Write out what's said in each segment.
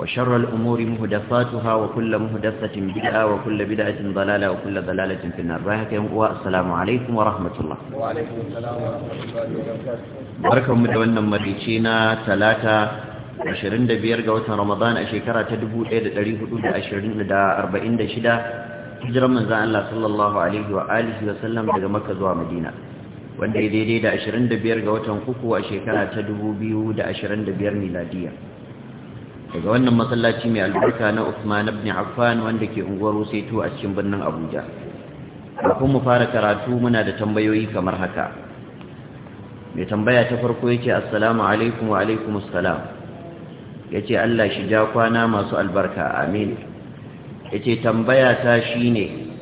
وشر الأمور مهدفاتها وكل مهدفة بدعة وكل بدعة ضلالة وكل ضلالة في النار والسلام عليكم ورحمة الله وعليكم السلام ورحمة الله وبركاته بركم مدونا مريتشينا ثلاثة 25 ga watan Ramadan a shekara ta 1426 hijiran manzon Allah sallallahu alaihi wa wa sallam daga Makka zuwa Madina wanda ya daidai da 25 ga watan uku a shekara ta 2025 miladiya daga wannan masallaci mai albarka na Usman ibn Affan wanda ke unguwar Wuseto a cikin birnin Abuja kafin mu fara karatu muna da tambayoyi kamar haka mai tambaya ta farko yake assalamu alaikum wa alaikum assalam yace Allah shi ja kwana masu albarka amin yace tambaya ta shine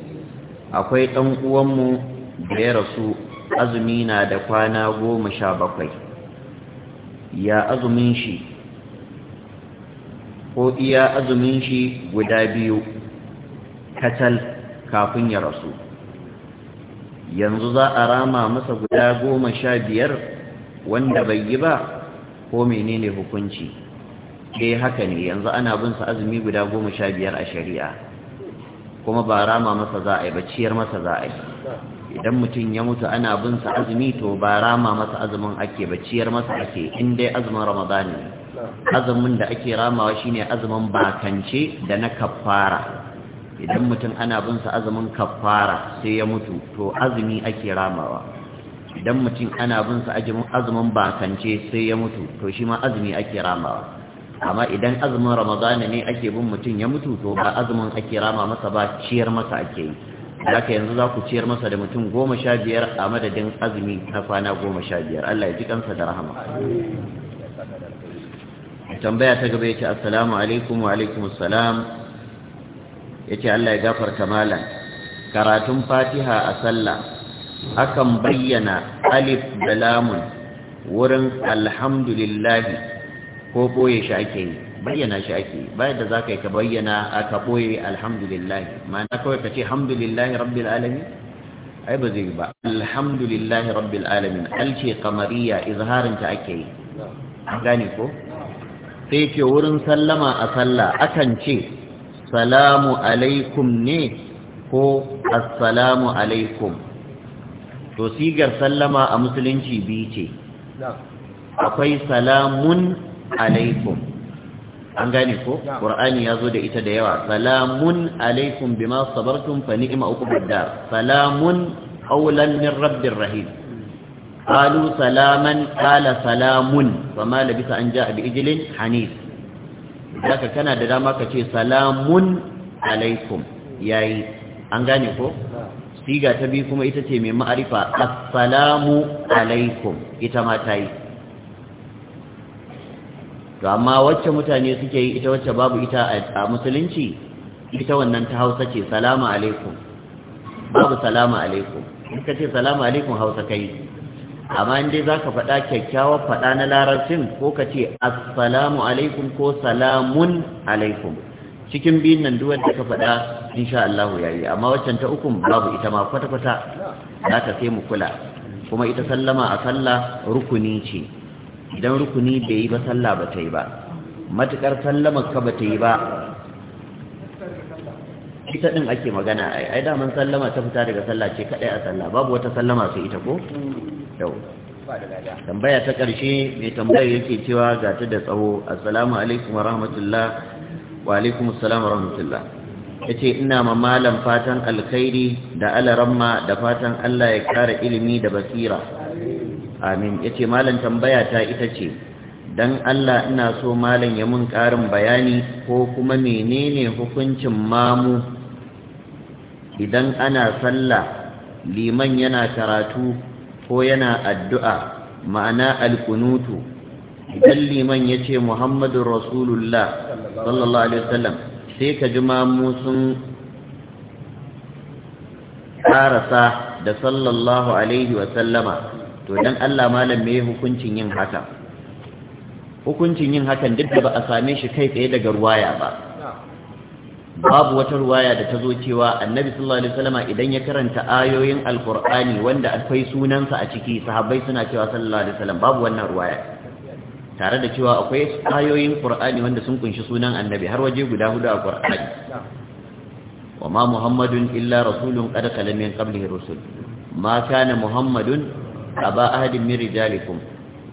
akwai dan uwanmu da ya rasu azumi na da kwana goma sha bakwai ya azumin shi ko iya azumin shi guda biyu kacal kafin ya rasu yanzu za a rama masa guda goma sha biyar wanda bai yi ba ko menene hukunci dai eh, haka ne yanzu ana bin sa azumi guda goma sha biyar a shari'a kuma ba rama masa za a yi ba ciyar masa za a yi idan mutum ya mutu ana bin sa azumi to ba rama masa azumin ake ba ciyar masa ake in dai azumin ramadani ne azumin da ake ramawa shine azumin bakance da na kaffara idan mutum ana bin sa azumin kaffara sai ya mutu to azumi ake ramawa idan mutum ana bin sa azumin bakance sai ya mutu to shi ma azumi ake ramawa amma idan azumin ramadana ne ake bin mutum ya mutu to ba azumin ake rama masa ba ciyar masa ake yi haka yanzu za ku ciyar masa da mutum goma sha biyar a madadin azumi na kwana goma sha biyar Allah ya ji kansa da rahama tambaya ta gaba yace assalamu alaikum wa alaikum assalam yace Allah ya gafarta malam karatun Fatiha a sallah akan bayyana alif da lamun wurin alhamdulillah ko boye shi ake yi bayyana shi ake yi, bayan da zaka yi ka bayyana aka boye alhamdulillah ma'ana kawai ka ce alhamdulillah rabbil alamin ai ba zai ba alhamdulillah rabbil alamin alce kamariya izharin ta ake yi gane ko sai ce wurin sallama a sallah akan ce salamu alaikum ne ko assalamu alaikum to sigar sallama a musulunci biyu ce akwai salamun alaikum an gane ko ƙur'ani ya zo da ita da yawa salamun alaikum bima sabartum fa ni'ma uku dar salamun qawlan min rabbir rahim قالوا سلاما قال سلام فما لبث أن جاء بإجل حنيف ذاك كان دامك سلام عليكم ياي أنغاني فوق siga ta biyu kuma ita ce mai ma'arifa assalamu alaikum ita ma ta yi to amma wacce mutane suke yi ita wacce babu ita a musulunci ita wannan ta hausa ce salamu alaikum babu salamu alaikum in ka ce salamu alaikum hausa kai amma in dai zaka faɗa kyakkyawar faɗa na larabcin ko ka ce assalamu alaikum ko salamun alaikum cikin biyun nan duwan da ka faɗa sha Allah ya yi amma waccan ta ukun babu ita ma kwata-kwata za ta sai mu kula kuma ita sallama a sallah rukuni ce idan rukuni bai yi ba sallah ba ta yi ba matukar sallamar ka ba ta yi ba ita din ake magana ai ai daman sallama ta fita daga sallah ce kadai a sallah babu wata sallama sai ita ko yau tambaya ta ƙarshe mai tambaya yake cewa ga ta da tsawo assalamu alaikum wa rahmatullah wa alaikum assalam wa rahmatullah ya ce ina ma malam fatan alkhairi da alaramma da fatan Allah ya kara ilimi da basira amin ya ce malam tambaya ta ita ce don Allah ina so malam ya mun ƙarin bayani ko kuma menene hukuncin mamu idan ana sallah liman yana karatu ko yana addu'a ma'ana alkunutu idan liman ya ce Muhammadu rasulullah sallallahu alaihi wasallam sai ka ji mamu sun karasa da sallallahu alaihi wasallama to dan Allah malam me hukuncin yin haka hukuncin yin hakan duk da ba a same shi kai tsaye daga ruwaya ba babu wata ruwaya da ta zo cewa annabi sallallahu alaihi wasallama idan ya karanta ayoyin alqur'ani wanda akwai sunansa a ciki sahabbai suna cewa sallallahu alaihi wasallam babu wannan ruwaya tare da cewa akwai ayoyin qur'ani wanda sun kunshi sunan annabi har waje guda hudu a qur'ani wa ma muhammadun illa rasulun qad kalamin min qablihi rusul ma kana muhammadun aba ahadin min rijalikum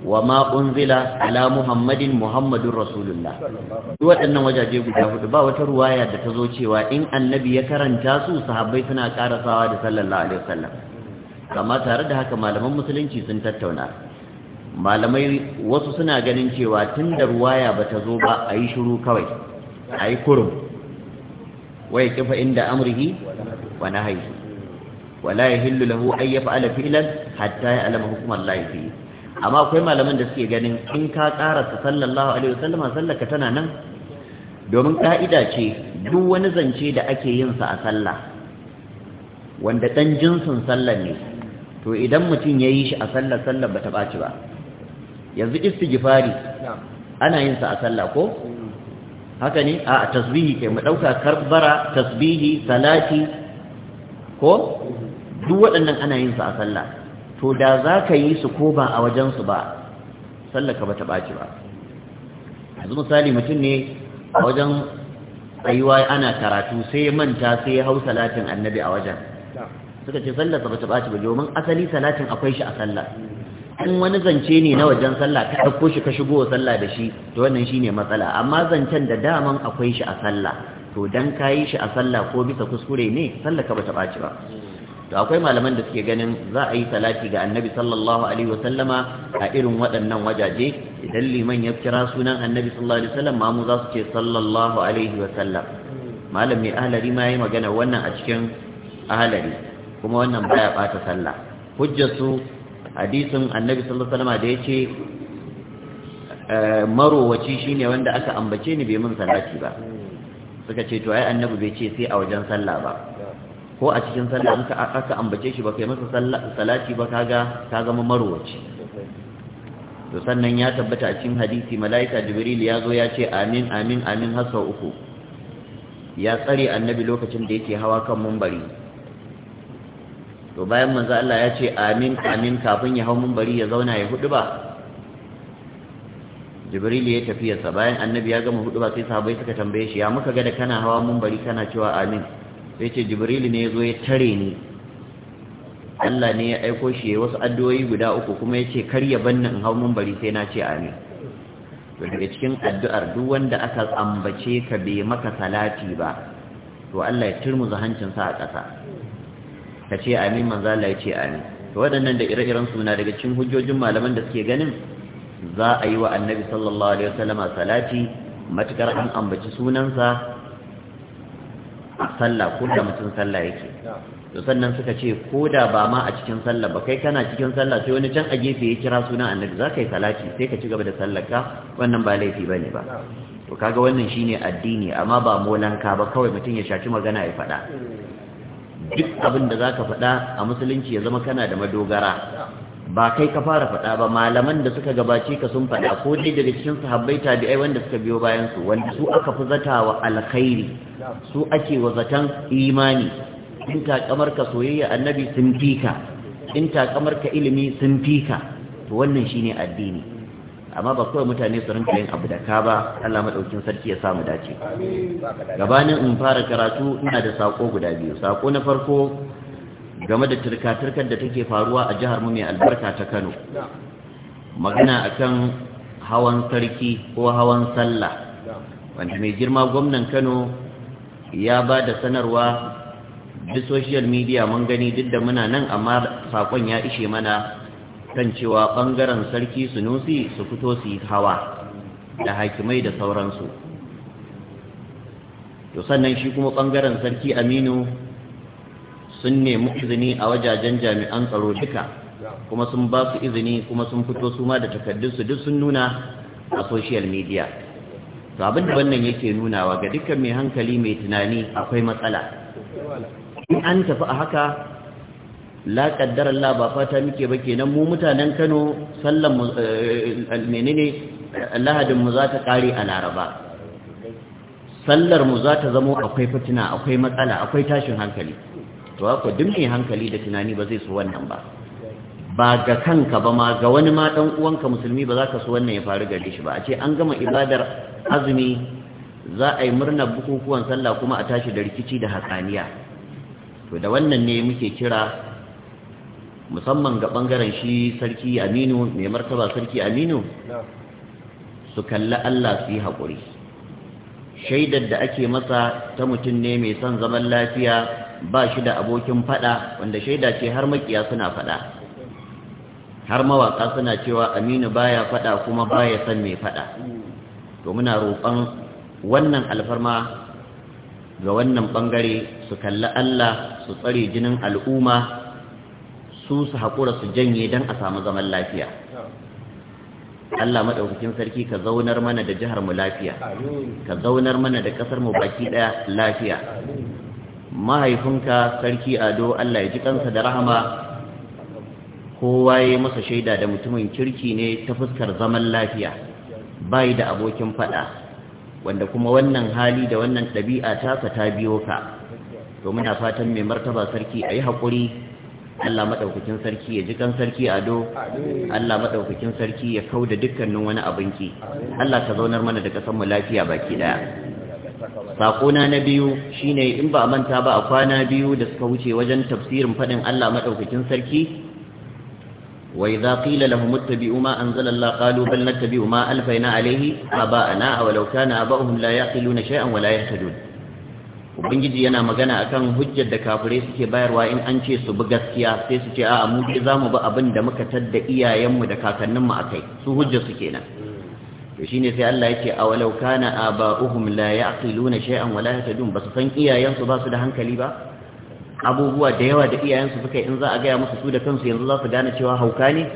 wa ma ala muhammadin Muhammadu rasulullah duk waɗannan wajaje guda hudu ba wata ruwaya da ta zo cewa in annabi ya karanta su sahabbai suna karasawa da sallallahu alaihi wasallam amma tare da haka malaman musulunci sun tattauna malamai wasu suna ganin cewa tun da ruwaya ba ta zo ba a yi shiru kawai a yi kurum Wai kifa inda amrihi wa haihu. wala yahillu lahu ayyafa yaf'ala fi'lan hatta ya alama hukumar laifi. amma akwai malaman da suke ganin in ka karasa sallallahu alaihi wasallam sallaka tana nan domin ka'ida ce duk wani zance da ake yin sa a sallah wanda dan jinsin sallar ne to idan mutum yayi shi a sallar sallar bata baci ba yanzu istighfari ana yin sa a sallah ko haka ne a tasbihi kai mu dauka karbara tasbihi salati ko duk waɗannan ana yin sa a sallah to da za ka yi su ko ba a wajensu ba sallaka ba ta ɓaci ba yanzu misali mutum ne a wajen tsayuwa ana karatu sai ya manta sai ya hau salatin annabi a wajen suka ce sallarsa ba ta ɓaci ba domin asali salatin akwai shi a sallah in wani zance ne na wajen sallah ka ɗauko shi ka shigo sallah da shi to wannan shine matsala amma zancen da daman akwai shi a sallah to dan yi shi a sallah ko bisa kuskure ne sallah ka ta ɓaci ba to akwai malaman da suke ganin za a yi talaki ga annabi sallallahu alaihi wasallama a irin waɗannan wajaje idan liman ya kira sunan annabi sallallahu alaihi wasallam mamu za su ce sallallahu alaihi wasallam malam mai ahlari ma yi magana wannan a cikin ahlari kuma wannan baya bata sallah hujjatu hadisin annabi sallallahu alaihi wasallama da ya ce eh, marowaci shine wanda aka ambace ni bai mun salati ba suka ce to ai annabi bai ce sai a wajen sallah ba ko a cikin sallah in aka ambace shi ba kai masa salati ba kaga ka zama marwaci to sannan ya tabbata a cikin hadisi malaika jibril ya zo ya ce amin amin amin har sau uku ya tsare annabi lokacin da yake hawa kan mumbari to bayan manzo Allah ya ce amin amin kafin ya hau mumbari ya zauna ya hudu ba jibril ya tafiyarsa bayan annabi ya gama hudu ba sai sahabbai suka tambaye shi ya muka ga da kana hawa mumbari kana cewa amin ya ce jibrilu ne ya zo ya tare ni Allah ne ya aiko shi ya wasu addu'o'i guda uku kuma ya ce kar ya banna in hau bari sai na ce amin to daga cikin addu'ar duk wanda aka ambace ka bai maka salati ba to Allah ya turmuza sa a ƙasa ka ce amin manzo Allah ya ce amin to waɗannan da ire-iren suna daga cikin hujjojin malaman da suke ganin za a yi wa annabi sallallahu alaihi wasallama salati matukar an ambaci sunansa a sallah ko da mutum sallah yake to sannan suka ce ko da ba ma a cikin sallah ba kai kana cikin sallah sai wani can a gefe ya kira sunan annabi za ka yi salati sai ka ci gaba da ka wannan ba laifi ba ne ba to kaga wannan shine addini amma ba molanka ba kawai mutum ya shaci magana ya faɗa duk abin da za ka faɗa a musulunci ya zama kana da madogara ba kai ka fara faɗa ba malaman da suka gabace ka sun faɗa ko dai daga cikin sahabbai tabi'ai wanda suka biyo bayan su wanda su aka fi wa alkhairi su ake wa zaton imani in ta kamar ka soyayya annabi sun fi ka in kamar ka ilimi sun fika ka to wannan shine addini amma ba kawai mutane su rinka yin abu da ka ba Allah madaukin sarki ya samu dace gabanin in fara karatu ina da sako guda biyu sako na farko game da turka-turkar da take faruwa a jihar mu mai albarka ta Kano magana akan hawan sarki ko hawan sallah wanda mai girma gwamnan Kano ya ba da sanarwa duk social media mun gani duk da muna nan amma sakon ya ishe mana kan cewa bangaren sarki su sunusi su fito su yi hawa da hakimai da sauransu to sannan shi kuma bangaren sarki aminu sun nemi izini a wajajen jami'an tsaro duka kuma sun ba su izini kuma sun fito su ma da takardunsu duk sun nuna a social media to abin da wannan yake nunawa ga dukkan mai hankali mai tunani akwai matsala in an tafi a haka la kaddar Allah ba fata muke ba kenan mu mutanen Kano sallan eh, menene Lahadin mu za ta kare a Laraba sallar mu za ta zamo akwai fitina akwai matsala akwai tashin hankali to haka duk mai hankali da tunani ba zai so wannan ba ba ga kanka ba ma ga wani ma dan uwanka musulmi ba za ka so wannan ya faru gare shi ba a ce an gama ibadar azumi za a yi murnar bukukuwan sallah kuma a tashi da rikici da hatsaniya to da wannan ne muke kira musamman ga bangaren shi sarki aminu mai martaba sarki aminu su kalli allah su yi haƙuri shaidar da ake masa ta mutum ne mai son zaman lafiya ba shi da abokin fada wanda shaida ce har makiya suna fada har mawaka suna cewa aminu baya fada kuma baya son mai fada to muna roƙon wannan alfarma ga wannan bangare su kalli Allah su tsare jinin al'umma su su haƙura su janye don a samu zaman lafiya Allah madaukakin sarki ka zaunar mana da jihar mu lafiya ka zaunar mana da kasar mu baki ɗaya lafiya mahaifinka sarki ado Allah ya ji kansa da rahama kowa ya masa shaida da mutumin kirki ne ta fuskar zaman lafiya bai da abokin faɗa. wanda kuma wannan hali da wannan ɗabi'a tasa ta biyo ka to muna fatan mai martaba sarki a yi haƙuri Allah madaukakin sarki ya ji kan sarki ado Allah madaukakin sarki ya kauda dukkanin wani abinki Allah ka zaunar mana da kasan mu lafiya baki daya sakona na biyu shine in ba manta ba a kwana biyu da suka wuce wajen tafsirin fadin Allah madaukakin sarki wa idza qila lahum ittabi'u ma anzala Allah qalu bal nattabi'u ma alfayna alayhi aba'ana aw law kana aba'uhum la yaqiluna shay'an wa la yahtadun ubangiji yana magana akan hujjar da kafirai suke bayarwa in an ce su bi gaskiya sai su ce a'a mu dai zamu bi abin da muka tadda iyayenmu da kakanninmu akai su hujjar su kenan to shine sai Allah yake awalau kana aba'uhum la ya'qiluna shay'an wala yahtadun basu san iyayensu ba su da hankali ba abubuwa da yawa da iyayensu suka in za a gaya musu su da kansu yanzu za su gane cewa hauka ne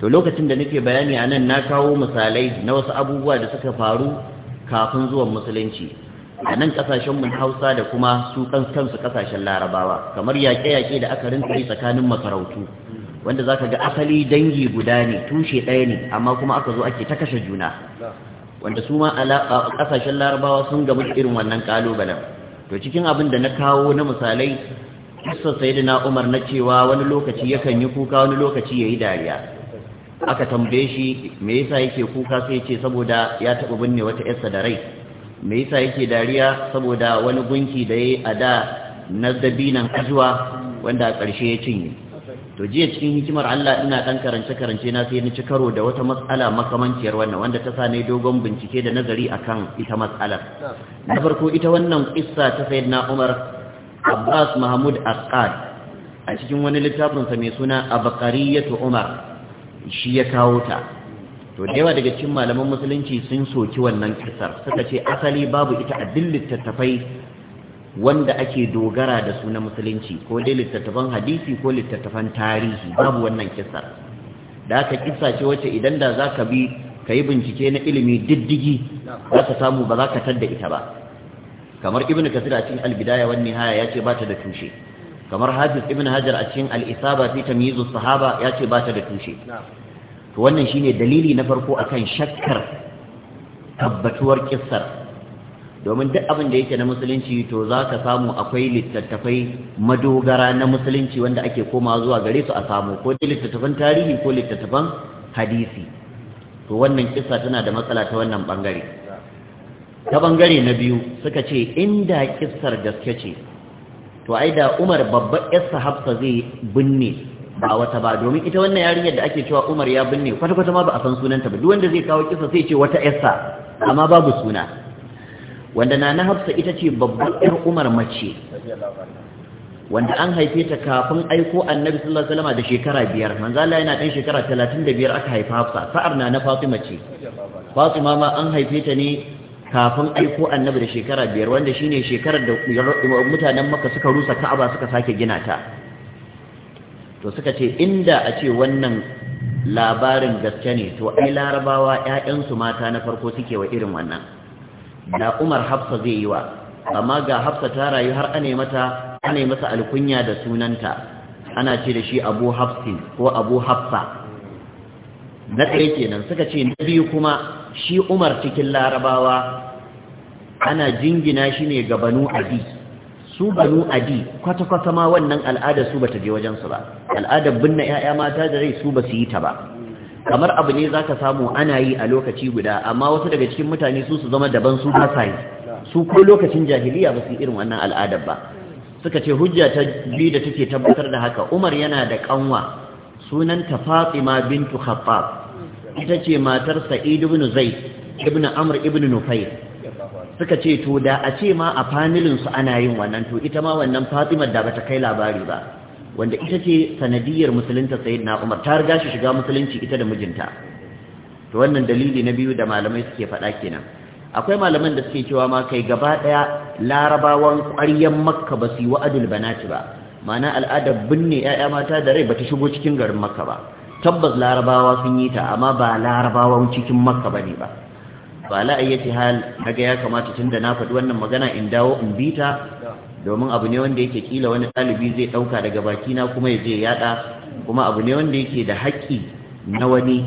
to lokacin da nake bayani a nan na kawo misalai na wasu abubuwa da suka faru kafin zuwan musulunci a nan kasashenmu na hausa da kuma su kansu kasashen larabawa kamar yaƙe-yaƙe da aka rinta yi tsakanin masarautu wanda za ka ga asali dangi guda ne tushe ɗaya ne amma kuma aka zo ake ta kashe juna wanda su ma a kasashen larabawa sun gamu irin wannan ƙalubalen, to cikin abin da na kawo na misalai da na umar na cewa wani lokaci yakan yi kuka wani lokaci ya yi dariya aka tambaye shi me yasa yake kuka sai ya ce saboda ya taɓa binne wata yarsa da rai me yasa yake dariya saboda wani gunki da yayi a da na dabinan ajuwa wanda a ƙarshe ya cinye to jiya cikin hikimar Allah ina ɗan karance karance na sai na ci karo da wata matsala makamanciyar wannan wanda ta sa ne dogon bincike da nazari akan ita matsalar na farko ita wannan kissa ta sayyidina Umar Abbas Mahmud Aqad a cikin wani littafin sa mai suna Abqariyatu Umar shi ya kawo ta to da yawa daga cikin malaman musulunci sun soki wannan kisar suka ce asali babu ita a duk littattafai wanda ake dogara da su na musulunci ko dai littattafan hadisi ko littattafan tarihi babu wannan kisar da aka kisa ce wacce idan da za ka bi ka yi bincike na ilimi diddigi za ka samu ba za ka tadda ita ba kamar ibn kasir a cikin albidaya wani haya ya ce ba ta da tushe kamar hafiz ibn hajar a cikin al'isaba fi tamyizu sahaba ya ce ba ta da tushe to wannan shine dalili na farko akan shakkar tabbatuwar kissar domin duk abin da yake na musulunci to za ka samu akwai littattafai madogara na musulunci wanda ake komawa zuwa gare su a samu ko littattafan tarihi ko littattafan hadisi to wannan kissa tana da matsala ta wannan bangare ta bangare na biyu suka ce inda kissar gaske ce to ai da Umar babban yassa Hafsa zai binne ba wata ba domin ita wannan yarinyar da ake cewa Umar ya binne kwata-kwata ma ba a san sunanta ba duk wanda zai kawo kisa sai ce wata Essa amma babu suna wanda Nana Hafsa ita ce babbar ƴar Umar mace wanda an haife ta kafin aiko Annabi sallallahu alaihi wasallam da shekara biyar manzo Allah yana ɗan shekara 35 aka haifa Hafsa sa'ar Nana Fatima ce Fatima ma an haife ta ne kafin aiko Annabi da shekara biyar wanda shine shekarar da mutanen Makka suka rusa Ka'aba suka sake gina ta to suka ce inda a ce wannan labarin gaske ne to ai larabawa ƴaƴansu mata na farko suke wa irin wannan da Umar Hafsa zai yi wa amma ga Hafsa ta rayu har ane mata ane masa alkunya da sunanta ana ce da shi Abu Hafsin ko Abu Hafsa na ɗaya kenan suka ce na biyu kuma shi Umar cikin larabawa ana jingina shi ne ga Banu Abi su banu adi kwata-kwata ma wannan al'adar su bata je wajensu ba al'adar binne 'ya'ya mata da rai su ba su yi ta ba kamar abu ne zaka samu ana yi a lokaci guda amma wasu daga cikin mutane su su zama daban su ba sa yi su ko lokacin jahiliya ba su irin wannan al'adar ba suka ce hujja ta biyu da take tabbatar da haka Umar yana da kanwa sunanta Fatima bintu Khaffaf ita ce matar Sa'id ibn Zaid ibn Amr ibn Nufayl suka ce to da a ce ma a familin su ana yin wannan to ita ma wannan Fatima da bata kai labari ba wanda ita ce sanadiyar musulunta sayyidina Umar ta riga shi shiga musulunci ita da mijinta to wannan dalili na biyu da malamai suke faɗa kenan akwai malaman da suke cewa ma kai gaba ɗaya larabawan ƙwaryen makka ba su yi wa'adul banati ba ma'ana al'adar binne 'ya'ya mata da rai ba ta shigo cikin garin makka ba tabbas larabawa sun yi ta amma ba larabawan cikin makka ba ne ba ba la ayyati hal kaga ya kamata tunda na faɗi wannan magana in dawo in bita domin abu ne wanda yake kila wani ɗalibi zai ɗauka daga baki na kuma ya je yaɗa kuma abu ne wanda yake da haƙƙi na wani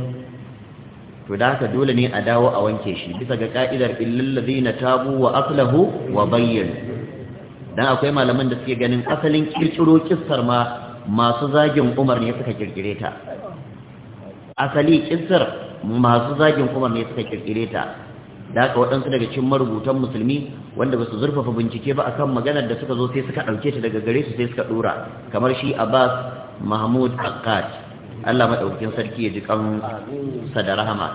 to da haka dole ne a dawo a wanke shi bisa ga ka'idar illal ladina tabu wa aflahu wa bayyin dan akwai malaman da suke ganin asalin kirkiro kissar ma masu zagin Umar ne suka kirkire ta asali kissar masu zagin Umar ne suka kirkire ta da haka waɗansu daga cikin marubutan musulmi wanda ba su zurfafa bincike ba akan maganar da suka zo sai suka ɗauke ta daga gare su sai suka ɗora kamar shi abbas mahmud akkad allah maɗaukin sarki ya ji kan da rahama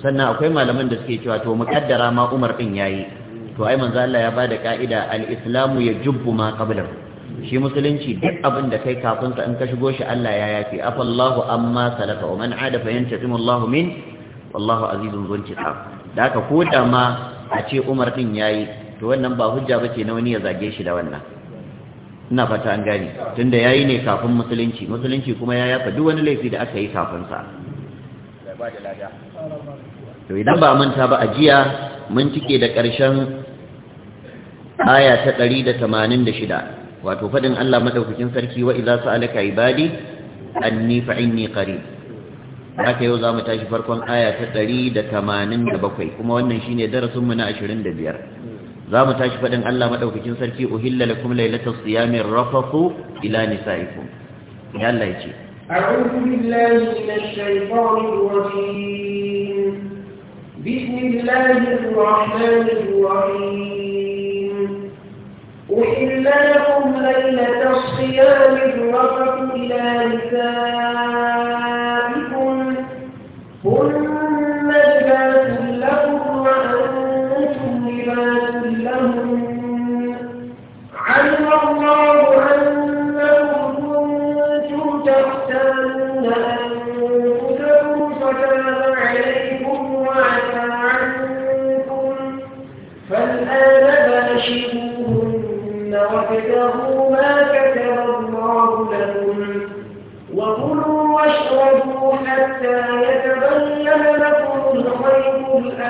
sannan akwai malaman da suke cewa to muƙaddara ma umar ɗin ya yi to ai manzo allah ya ba da ƙa'ida al-islamu ya jubbu ma qablahu shi musulunci duk abin da kai kafin sa in ka shigo shi Allah ya yafi afallahu amma salaka wa man ada fa yantaqimu min wallahu azizun zuntiqam da aka ko da ma a ce umar din yayi to wannan ba hujja bace na wani ya zage shi da wannan ina fata an gani. tunda yayi ne kafin musulunci musulunci kuma ya yafa duk wani laifi da aka yi kafin sa to idan ba manta ba a jiya mun cike da karshen aya ta 186 wato fadin Allah madaukakin sarki wa idza sa'alaka ibadi anni fa inni qarib haka yau za mu tashi farkon aya ta ɗari da tamanin da bakwai kuma wannan shine darasinmu na ashirin da biyar za mu tashi faɗin Allah maɗaukacin sarki uhilla kuma lailata siyamin rafafu ila nisa'ikum ya Allah ya ce أعوذ بالله من الشيطان الرجيم بسم الله لكم ليلة الصيام الرفق إلى نسائكم هن لباس لكم وأنتم لباس لهم علم الله أنكم كنتم تختارون أنفسكم فتاب عليكم وعفى عنكم فالآن باشروهن وابتغوا ما كتب الله لكم وكلوا واشربوا حتى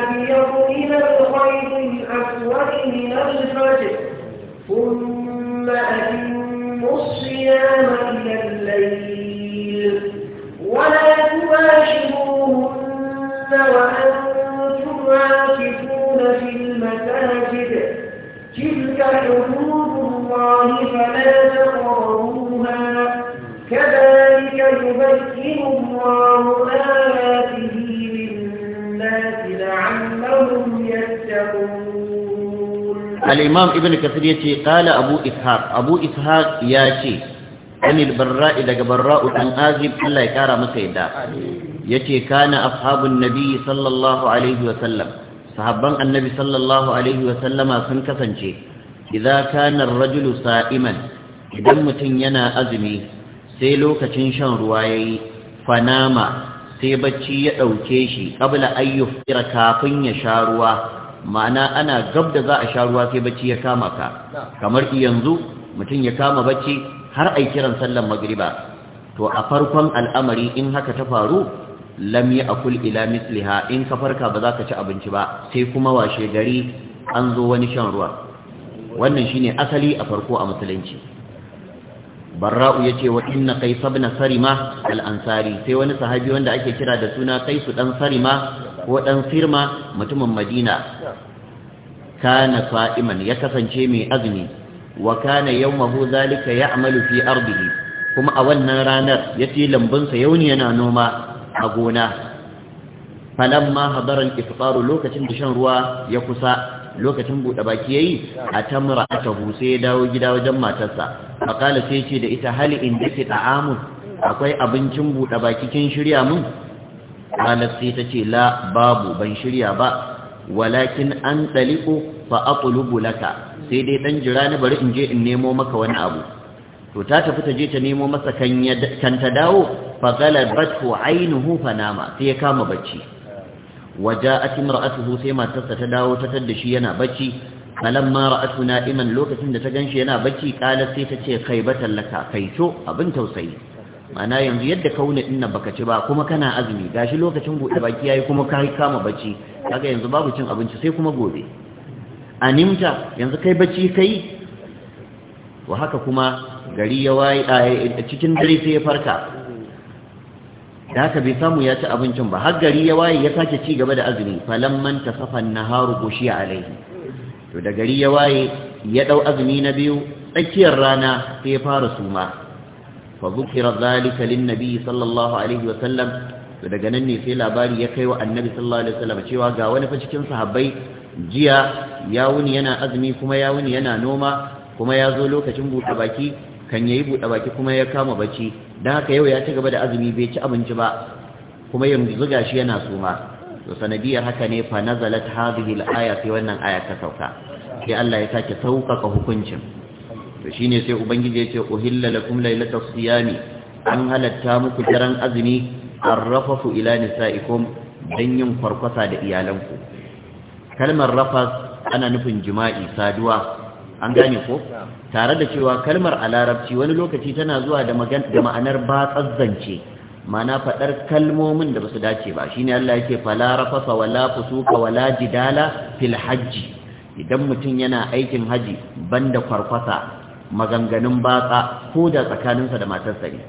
أبيض إلى الخيط الأسود من الفجر ثم أتموا الصيام إلى الليل ولا تباشروهن وأنتم عاكفون في المساجد تلك حدود الله فلا تقربوها كذلك يبين الله آياته للناس لعلهم يتقون الإمام ابن كثير يتي قال أبو إسحاق أبو إسحاق ياتي عن البراء إذا براء عن آزب الله يكار مسيدا يتي كان أصحاب النبي صلى الله عليه وسلم صحابا النبي صلى الله عليه وسلم سنكسنشي إذا كان الرجل سائما إذا متن ينا أزمي سيلو كتنشان روايه fanama sai bacci ya ɗauke shi ƙabla ayyuf ira kafin ya sha ruwa ma'ana ana gab da za a sha ruwa sai bacci ya kama ka kamar yanzu mutum ya kama bacci har ai kiran sallan magriba to a farkon al'amari in haka ta faru lam a akul ila misliha in ka farka ba za ka ci abinci ba sai kuma washe gari an zo wani shan ruwa wannan shine asali a farko a musulunci barra'u ce wa inna kai ibn sarima al-ansari sai wani sahabi wanda ake kira da suna su dan sarima ko dan sirma mutumin madina kana Fa'iman ya kasance mai azumi wa kana yawmahu zalika ya'malu fi ardihi kuma a wannan ranar yace lambunsa sa yauni yana noma a gona falamma hadara al lokacin da shan ruwa ya kusa lokacin buɗe baki yayi a tamra atahu sai ya dawo gida wajen matarsa faqala sai ce da ita hali in dake ta'amu akwai abincin buɗe baki kin shirya mun qalat sai ta ce la babu ban shirya ba walakin an taliqu fa atlubu laka sai dai dan jira ni bari in je in nemo maka wani abu to ta tafi ta je ta nemo masa kan ta dawo fa bathu aynuhu fa nama sai ya kama bacci waja a cikin ra'atuhu sai matarsa ta dawo ta tadda shi yana bacci falan ma ra'atu na'iman lokacin da ta gan shi yana bacci kalar sai ta ce kai ba tallaka kai so abin tausayi mana yanzu yadda kauna inna baka ci ba kuma kana azumi gashi lokacin gobe baki yayi kuma ka kama bacci kaga yanzu babu cin abinci sai kuma gobe animta yanzu kai bacci kai wa haka kuma gari ya waye cikin dare sai ya farka da haka bai samu ya ci abincin ba har gari ya waye ya sake ci gaba da azumi falamman tasafa naharu gushiya alaihi to da gari ya waye ya dau azumi na biyu tsakiyar rana sai ya fara suma fa zukira zalika lin sallallahu alaihi wa sallam to daga nan ne sai labari ya kai wa annabi sallallahu alaihi wa sallam cewa ga wani fa cikin sahabbai jiya ya wuni yana azumi kuma ya wuni yana noma kuma ya zo lokacin buɗe baki kan yayi buɗe baki kuma ya kama bacci dan haka yau ya ci gaba da azumi bai ci abinci ba kuma yanzu zuga shi yana suma to sanadiyar haka ne fa nazalat hadhihi al-aya sai wannan aya ta sauka sai Allah ya sake saukaka hukuncin to shine sai ubangiji ya ce uhilla lakum laylatus siyami an halatta muku daren azumi rafafu ila nisaikum dan yin farkwasa da iyalanku kalmar rafas ana nufin jima'i saduwa an gane ko tare da cewa kalmar a larabci wani lokaci tana zuwa da ma'anar ba tsazzance mana faɗar kalmomin da ba su dace ba shine Allah yake fala rafasa wala fusuka wala jidala fil hajji idan mutum yana aikin haji banda kwarkwasa maganganun batsa ko da tsakaninsa da matarsa ne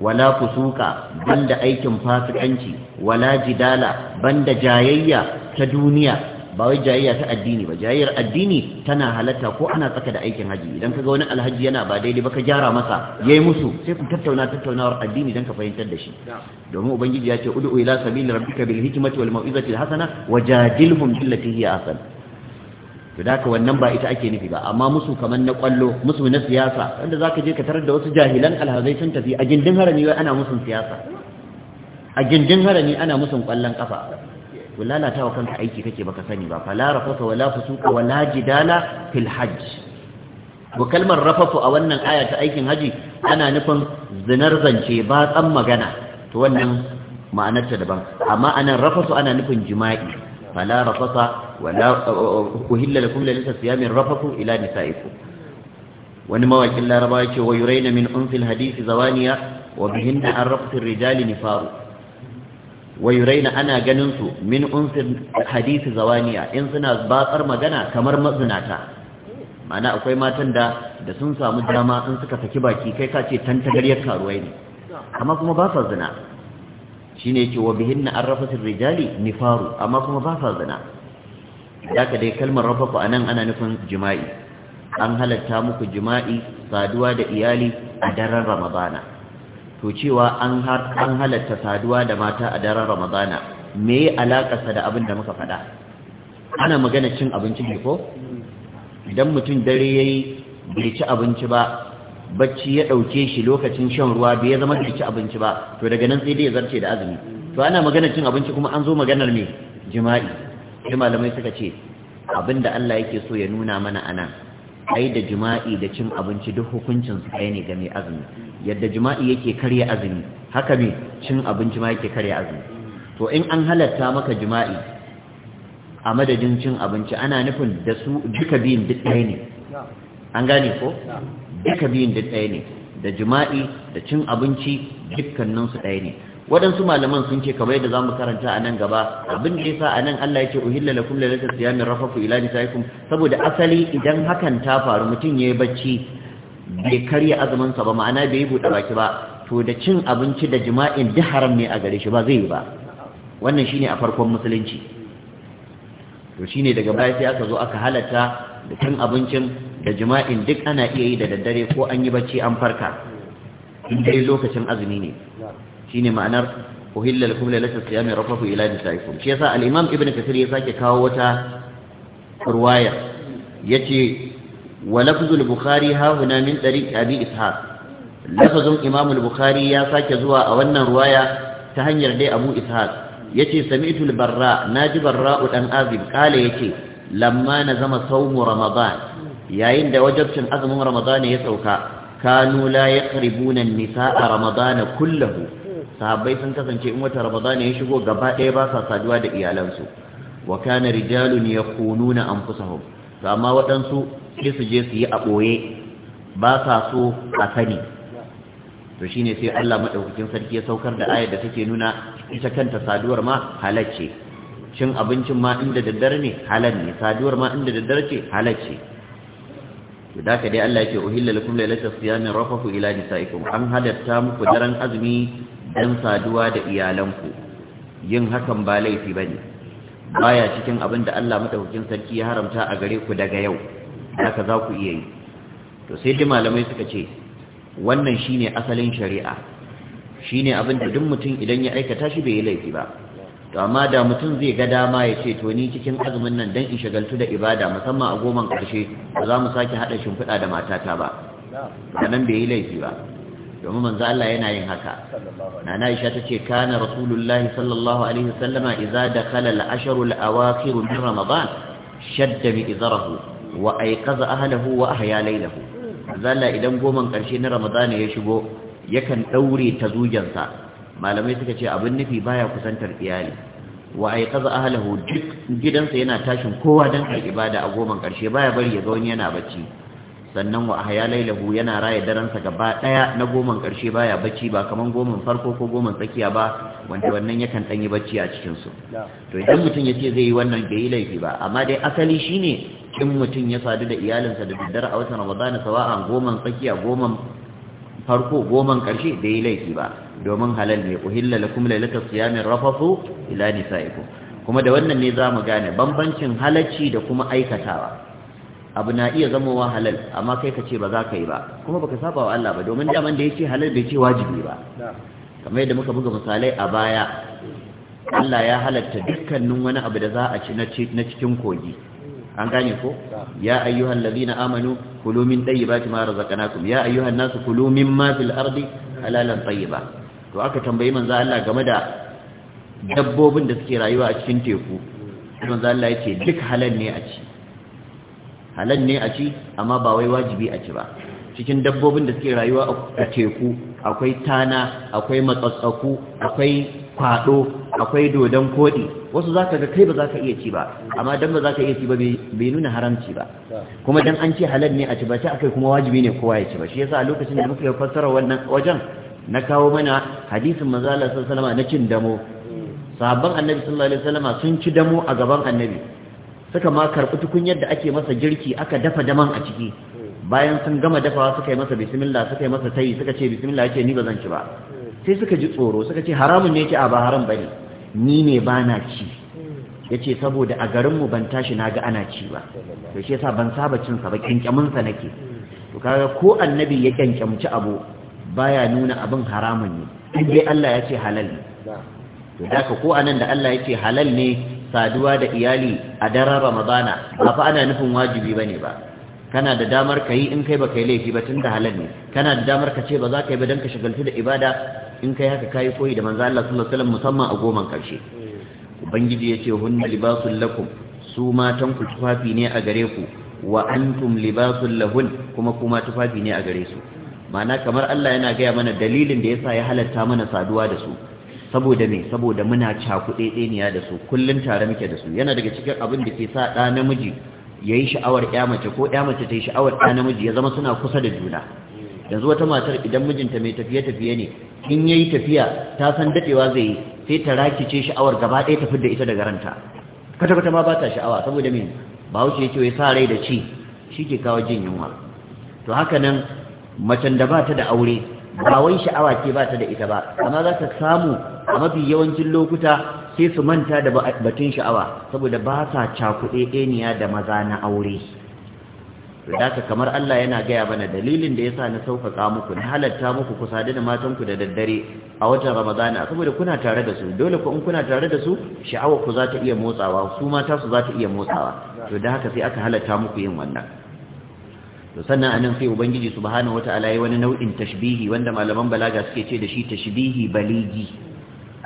wala fusuka banda aikin fasikanci wala jidala banda jayayya ta duniya ba wai jayayya ta addini ba jayayyar addini tana halatta ko ana tsaka da aikin haji idan kaga wani alhaji yana ba daidai ba ka gyara masa yayi musu sai ku tattauna tattaunawar addini dan ka fahimtar da shi domin ubangiji ya ce ud'u ila sabili rabbika bil hikmati wal mau'izati al hasana wajadilhum billati hiya ahsan to daka wannan ba ita ake nufi ba amma musu kamar na kwallo musu na siyasa wanda zaka je ka tarar da wasu jahilan alhazai sun tafi a gindin harami ana musu siyasa a gindin harami ana musun kwallon kafa to lalata wa kanka aiki kake baka sani ba fala rafasa wala fusuka wala jidala fil hajj wa kalmar rafafu a wannan aya ta aikin haji ana nufin zinar zance ba tsan magana to wannan ma'anarta daban amma anan rafasu ana nufin jima'i fala rafasa wala uhilla lakum lalisa siyamin rafafu ila nisa'ikum wani mawakin laraba ce wa yuraina min unfil hadisi zawaniya wa bihinna an rafsu rijali nifaru wa yuraina ana ganin su min unsin hadisi zawaniya in suna batsar magana kamar mazinata mana akwai matan da da sun samu dama in suka saki baki kai ka ce ya karuwai ne amma kuma ba sa zina shine yake wa bihin bihinna arrafatir rijali nifaru amma kuma ba sa zina ka dai kalmar rafaku anan ana nufin jima'i an halatta muku jima'i saduwa da iyali a daren ramadana to cewa an har halatta saduwa da mata a daren ramadana me ya alakarsa da abin da muka faɗa ana magana cin abinci ne ko idan mutum dare yayi bai ci abinci ba bacci ya ɗauke shi lokacin shan ruwa bai zama bai ci abinci ba to daga nan sai dai ya zarce da azumi to ana magana cin abinci kuma an zo maganar me jima'i sai malamai suka ce abinda Allah yake so ya nuna mana anan ai da jima'i da cin abinci duk hukuncin su ɗaya ne ga mai azumi yadda jima'i yake karya azumi haka me cin abinci ma yake karya azumi to in an halatta maka jima'i a madadin cin abinci ana nufin da su duka biyun duk ɗaya ne an gane ko duka biyun duk ɗaya ne da jima'i da cin abinci dukkaninsu ɗaya ne waɗansu malaman sun ce kamar yadda zamu karanta a nan gaba abin da ya sa a nan Allah ce uhilla lakum lailatul siyami rafafu ila nisaikum saboda asali idan hakan ta faru mutum ya yi bacci bai karya azumin sa ba ma'ana bai yi buɗe baki ba to da cin abinci da jima'in duk haram ne a gare shi ba zai yi ba wannan shine a farkon musulunci to shine daga baya sai aka zo aka halatta da cin abincin da jima'in duk ana iya yi da daddare ko an yi bacci an farka in dai lokacin azumi ne shine ma'anar uhilla lakum lailatul siyami rafafu ila nisaikum shi yasa al-imam ibnu kathir ya sake kawo wata ruwaya yace wa lafzul bukhari ha huna min tariq abi ishaq lafazun imam al-bukhari ya sake zuwa a wannan ruwaya ta hanyar dai abu ishaq yace sami'tu al-barra naji barra dan azib kale yace lamma nazama sawmu ramadan yayin da wajabcin azumin ramadan ya sauka kanu la yaqribuna an-nisaa ramadan kullahu sahabbai sun kasance in wata ne ya shigo gaba ɗaya ba sa saduwa da iyalansu wa kana rijalun yakununa anfusahum to amma waɗansu sai su je su yi a ɓoye ba sa so a sani to shine sai Allah madaukakin sarki ya saukar da ayar da take nuna ita kanta saduwar ma halacce cin abincin ma inda daddare ne halal ne saduwar ma inda daddare ce halacce to da ka dai Allah yake uhilla lakum lailatul siyami rafafu ila nisaikum an hadatta muku daren azumi dan saduwa da iyalanku yin hakan ba laifi ba ne baya cikin abin da Allah madaukakin sarki ya haramta a gare ku daga yau haka za ku iya yi to sai dai malamai suka ce wannan shine asalin shari'a shine abin da duk mutum idan ya aikata shi bai yi laifi ba to amma da mutum zai ga dama ya ce to ni cikin azumin nan dan in shagaltu da ibada musamman a goman karshe ba za mu sake hada shimfiɗa da matata ba nan bai yi laifi ba domin manzo Allah yana yin haka nana Aisha tace kana rasulullahi sallallahu alaihi wasallama idza dakhala al-ashr al-awakhir min ramadan shadda bi izrahu wa ayqaza ahlihi wa ahya laylahu zalla idan goman karshe na ramadana ya shigo yakan daure ta zujansa malamai suka ce abin nufi baya kusantar iyali wa ayqaza ahlihi duk gidansa yana tashin kowa dan ibada a goman karshe baya bari ya ga wani yana bacci sannan wa ahya lailahu yana raya daransa gaba daya na goman karshe baya bacci ba kaman goman farko ko goman tsakiya ba wanda wannan yakan dan yi bacci a cikin su to idan mutum yace zai yi wannan bai laifi ba amma dai asali shine in mutum ya sadu da iyalinsa da daddare a watan Ramadan sawa'an goman tsakiya goman farko goman karshe bai yi laifi ba domin halal ne uhilla lakum lailatul siyamir rafathu ila nisaikum kuma da wannan ne zamu gane bambancin halacci da kuma aikatawa abu na iya zamowa halal amma kai ka ce ba za ka yi ba kuma baka saba wa Allah ba domin daman da ya ce halal bai ce wajibi ba kamar yadda muka buga misalai a baya Allah ya halatta dukkanin wani abu da za a ci na cikin kogi an gane ko ya ayyuhal ladina amanu kulu min tayyibati ma razaqnakum ya ayyuhan nasu kulu mimma fil ardi halalan tayyiba to aka tambayi manzo Allah game da dabbobin da suke rayuwa a cikin teku manzo Allah yace duk halal ne a ci halal ne a ci amma ba wai wajibi a ci ba cikin dabbobin da suke rayuwa a teku akwai tana akwai matsatsaku akwai kwado akwai dodon kodi wasu zaka ga kai ba zaka iya ci ba amma dan ba zaka iya ci ba bai nuna haramci ba kuma dan an ce halal ne a ci ba ta akai kuma wajibi ne kowa ya ci ba shi yasa a lokacin da muke fassara wannan wajen na kawo mana hadisin manzo Allah sallallahu alaihi wasallam na cin damo sahabban annabi sallallahu alaihi wasallam sun ci damo a gaban annabi suka ma karɓi tukunyar da ake masa girki aka dafa daman a ciki bayan sun gama dafawa suka yi masa bismillah suka yi masa tayi suka ce bismillah ya ni ba ci ba sai suka ji tsoro suka ce haramun ne yake a ba haram bane ni ne ba na ci ya saboda a garin mu ban tashi na ga ana ci ba to shi yasa ban saba cin sa ba sa nake to kaga ko annabi ya kyankyamci abu baya nuna abin haramun ne in dai Allah ya ce halal ne to da ko anan da Allah ya ce halal ne saduwa da iyali a daren ramadana ba fa ana nufin wajibi bane ba kana da damar ka yi in kai ba kai laifi ba tun da halal ne kana da damar ka ce ba za ka yi ba don ka shagaltu da ibada in kai haka kayi koyi da manzo Allah sallallahu alaihi wasallam musamman a goman karshe ubangiji ya ce hunna libasul lakum su matan ku tufafi ne a gare ku wa antum libasul lahun kuma kuma tufafi ne a gare su ma'ana kamar Allah yana gaya mana dalilin da yasa ya halatta mana saduwa da su saboda me saboda muna cakuɗeɗeniya da su kullum tare muke da su yana daga cikin abin da ke sa ɗa namiji ya yi sha'awar ƴa mace ko ƴa mace ta yi sha'awar ɗa namiji ya zama suna kusa da juna yanzu wata matar idan mijinta mai tafiye-tafiye ne in yayi tafiya ta san daɗewa zai yi sai ta rakice sha'awar gaba ɗaya tafi da ita daga ranta kwata-kwata ma ba ta sha'awa saboda me bahaushe ya ce ya sa rai da ci shi ke kawo jin yunwa to haka nan macen da ba ta da aure ba wai sha'awa ke ba ta da ita ba amma za ta samu a mafi yawancin lokuta sai su manta da batun sha'awa saboda ba sa cakuɗe ɗeniya da maza na aure da kamar Allah yana gaya bana dalilin da yasa na saukaka muku na halatta muku ku sadu da matanku da daddare a watan Ramadana saboda kuna tare da su dole ku in kuna tare da su sha'awa ku za ta iya motsawa su mata su za ta iya motsawa to da haka sai aka halatta muku yin wannan to sannan anan sai ubangiji subhanahu wataala yayi wani nau'in tashbihi wanda malaman balaga suke ce da shi tashbihi baligi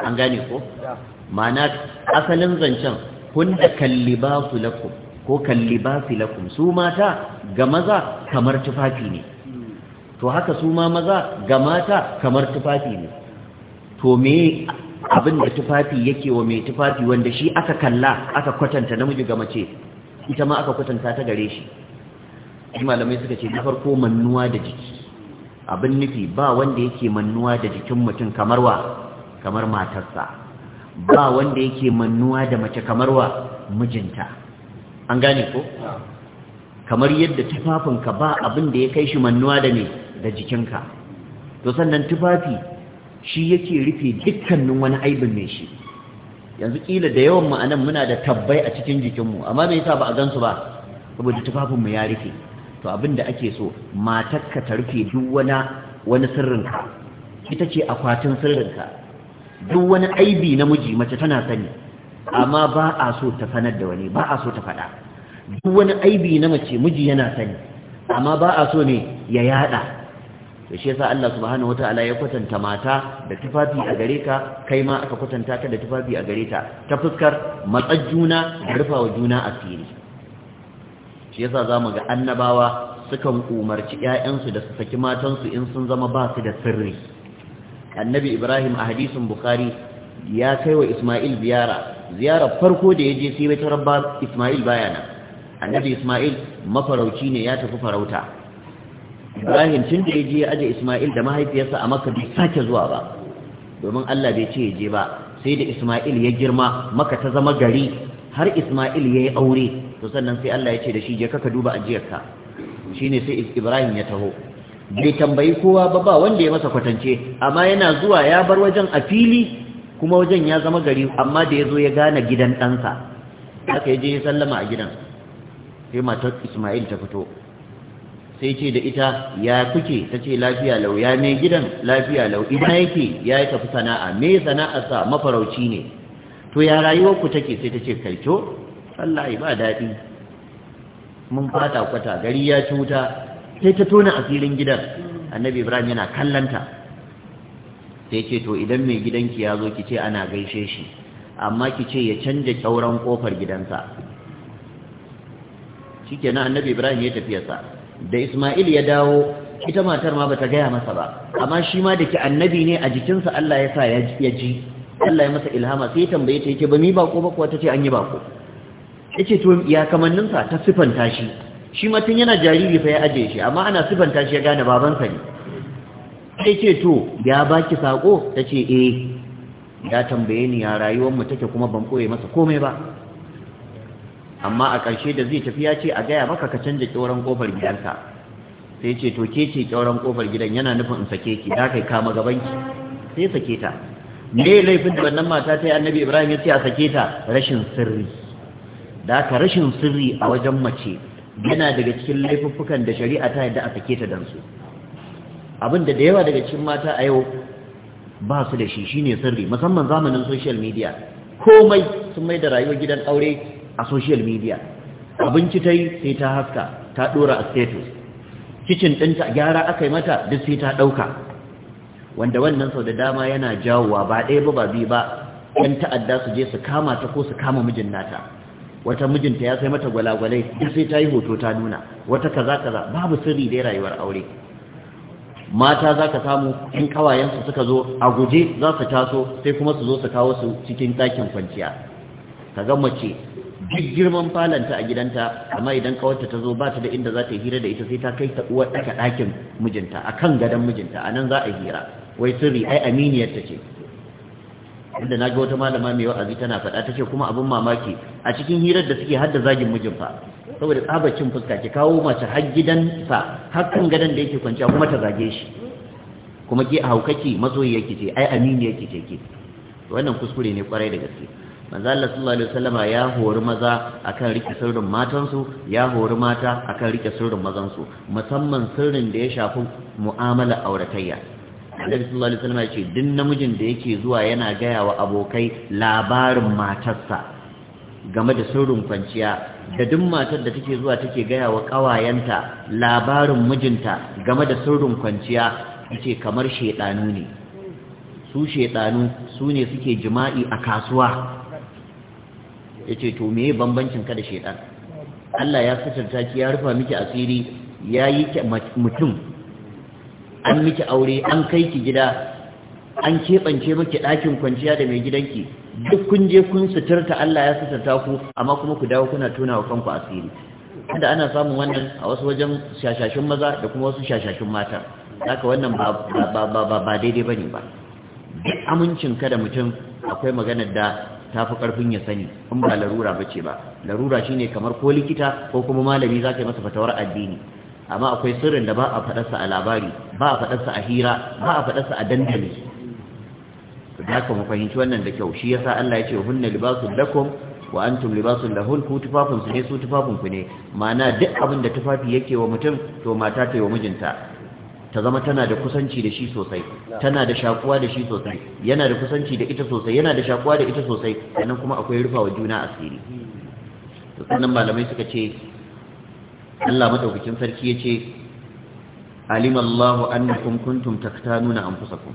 an gane ko ma'ana asalin zancen ba su lakum ko su lakum su mata ga maza kamar tufafi ne to haka su ma maza ga mata kamar tufafi ne to me abin da tufafi yake wa mai tufafi wanda shi aka kalla aka kwatanta namiji ga mace ita ma aka kwatanta ta gare shi shi malamai suka ce na farko mannuwa da jiki abin nufi ba wanda yake mannuwa da jikin mutum kamar wa kamar matarsa ba wanda yake mannuwa da mace kamar wa mijinta an gane ko kamar yadda tufafinka ba abin da ya kai shi mannuwa da ne da jikinka to sannan tufafi shi yake rufe dukkanin wani aibin mai shi yanzu kila da yawan ma'anan muna da tabbai a cikin jikinmu amma me yasa ba a gansu ba saboda tufafinmu ya rufe to abin da ake so matarka ta rufe duk wani sirrin ka ita ce akwatin sirrinka duk wani aibi miji mace tana sani amma ba a so ta sanar da wani ba a so ta faɗa duk wani aibi na mace miji yana sani amma ba a so ne ya yada to shi yasa Allah subhanahu wataala ya kwatanta mata da tufafi a gare ka kai ma aka kwatanta ka da tufafi a gare ta ta fuskar matsar juna da rufawa juna asiri shi yasa zamu ga annabawa sukan umarci ƴaƴansu da su saki matansu in sun zama ba su da sirri annabi ibrahim a hadisin bukhari ya kai wa isma'il ziyara ziyara farko da ya je sai wata rabba isma'il nan. annabi isma'il mafarauci ne ya tafi farauta ibrahim tun da ya je ya aje isma'il da mahaifiyarsa a maka bai sake zuwa ba domin allah bai ce ya je ba sai da isma'il ya girma maka ta zama gari har isma'il ya yi aure to sannan sai allah ya ce da shi je ka duba ajiyarka shine sai ibrahim ya taho bai tambayi kowa ba ba wanda ya masa kwatance amma yana zuwa ya bar wajen a fili kuma wajen ya zama gari amma da ya zo ya gane gidan ɗansa aka yi je ya sallama a gidan sai matar ismail ta fito sai ce da ita ya kuke ta ce lafiya lau ya ne gidan lafiya lau ina yake ya yi tafi sana'a me sana'arsa mafarauci ne to ya ku take sai ta ce kalco wallahi ba daɗi mun fata kwata gari ya cuta sai ta tona a filin gidan annabi ibrahim yana kallanta sai ce to idan mai gidanki ya zo ki ce ana gaishe shi amma ki ce ya canja kyauran kofar gidansa nan annabi ibrahim ya tafiyarsa da isma'il ya dawo ita matar ma bata gaya masa ba amma shi ma da ki annabi ne a jikinsa Allah ya sa ya ji Allah ya masa ilhama sai ya tambaye ta yake ba mi ko ba ko ta ce an yi ba ko. ya ce to ya kamanninsa ta sifanta shi shi tun yana jariri fa ya ajiye shi amma ana sifanta shi ya gane babansa ne sai ce to ya baki sako ta ce eh ya tambaye ni ya rayuwar mu take kuma ban koye masa komai ba amma a ƙarshe da zai tafi ya ce a gaya maka ka canja kyauran kofar gidansa sai ce to ke ce kyauran kofar gidan yana nufin in sake ki ka kai kama ki sai sake ta me laifin da wannan mata ta yi annabi ibrahim ya ce a sake ta rashin sirri da ka rashin sirri a wajen mace yana daga cikin laifuffukan da shari'a ta yadda a sake ta dan su abinda da yawa daga cikin mata a yau ba su da shi shine sirri musamman zamanin social media komai sun mai da rayuwar gidan aure a social media abinci ta yi sai ta haska ta dora a status kicin ɗinta gyara aka yi mata duk sai ta ɗauka wanda wannan sau da dama yana jawowa ba ɗaya ba ba biyu ba 'yan ta'adda su je su kama ta ko su kama mijin nata wata mijinta ya sai mata gwalagwalai in sai ta yi hoto ta nuna wata kaza kaza babu sirri dai rayuwar aure mata za ka samu in kawayensu suka zo a guje za su taso sai kuma su zo su kawo su cikin ɗakin kwanciya ka ga mace duk girman falanta a gidanta amma idan kawarta ta zo ba ta da inda za ta yi hira da ita sai ta kai ta uwar ɗaka ɗakin mijinta a kan gadon mijinta a nan za a hira wai sirri ai aminiyarta ce inda na ga wata malama mai wa'azi tana faɗa ta ce kuma abin mamaki a cikin hirar da suke hadda zagin mijin fa saboda tsabacin fuska ki kawo mace har fa har kan gadon da yake kwanciya kuma ta zage shi kuma ke a haukaki masoyi yake ce ai amini yake ce ke wannan kuskure ne kwarai da gaske manzo Allah sallallahu alaihi wasallama ya hori maza akan rike sirrin matansu ya hori mata akan rike sirrin mazan su, musamman sirrin da ya shafi mu'amala auratayya annabi sallallahu alaihi wasallam ya duk namijin da yake zuwa yana gaya wa abokai labarin matarsa game da sirrin kwanciya da duk matar da take zuwa take gaya wa ƙawayenta labarin mijinta game da sirrin kwanciya ce kamar shedanu ne su shedanu su ne suke jima'i a kasuwa yace to meye bambancin ka da shedan Allah ya ta ki ya rufa miki asiri ya yi mutum an miki aure an kai ki gida an keɓance miki ɗakin kwanciya da mai gidanki duk kun je kun suturta Allah ya suturta ku amma kuma ku dawo kuna tona wa kanku asiri kada ana samun wannan a wasu wajen shashashin maza da kuma wasu shashashin mata haka wannan ba daidai ba ne ba duk amincin kada mutum akwai maganar da ta fi ƙarfin ya sani in ba larura ba ce ba larura shine kamar ko likita ko kuma malami za yi masa fatawar addini amma akwai sirrin da ba a faɗarsa a labari ba a faɗarsa a hira ba a faɗarsa a dandali to da fahimci wannan da kyau shi yasa Allah ya ce hunna libasun lakum wa antum libasun lahun ku tufafin su ne su tufafin ku ne ma'ana duk abin da tufafi yake wa mutum to mata ta yi wa mijinta ta zama tana da kusanci da shi sosai tana da shakuwa da shi sosai yana da kusanci da ita sosai yana da shakuwa da ita sosai sannan kuma akwai rufawa wa juna asiri to sannan malamai suka ce Allah madaukakin sarki yace alimallahu annakum kuntum taktanuna anfusakum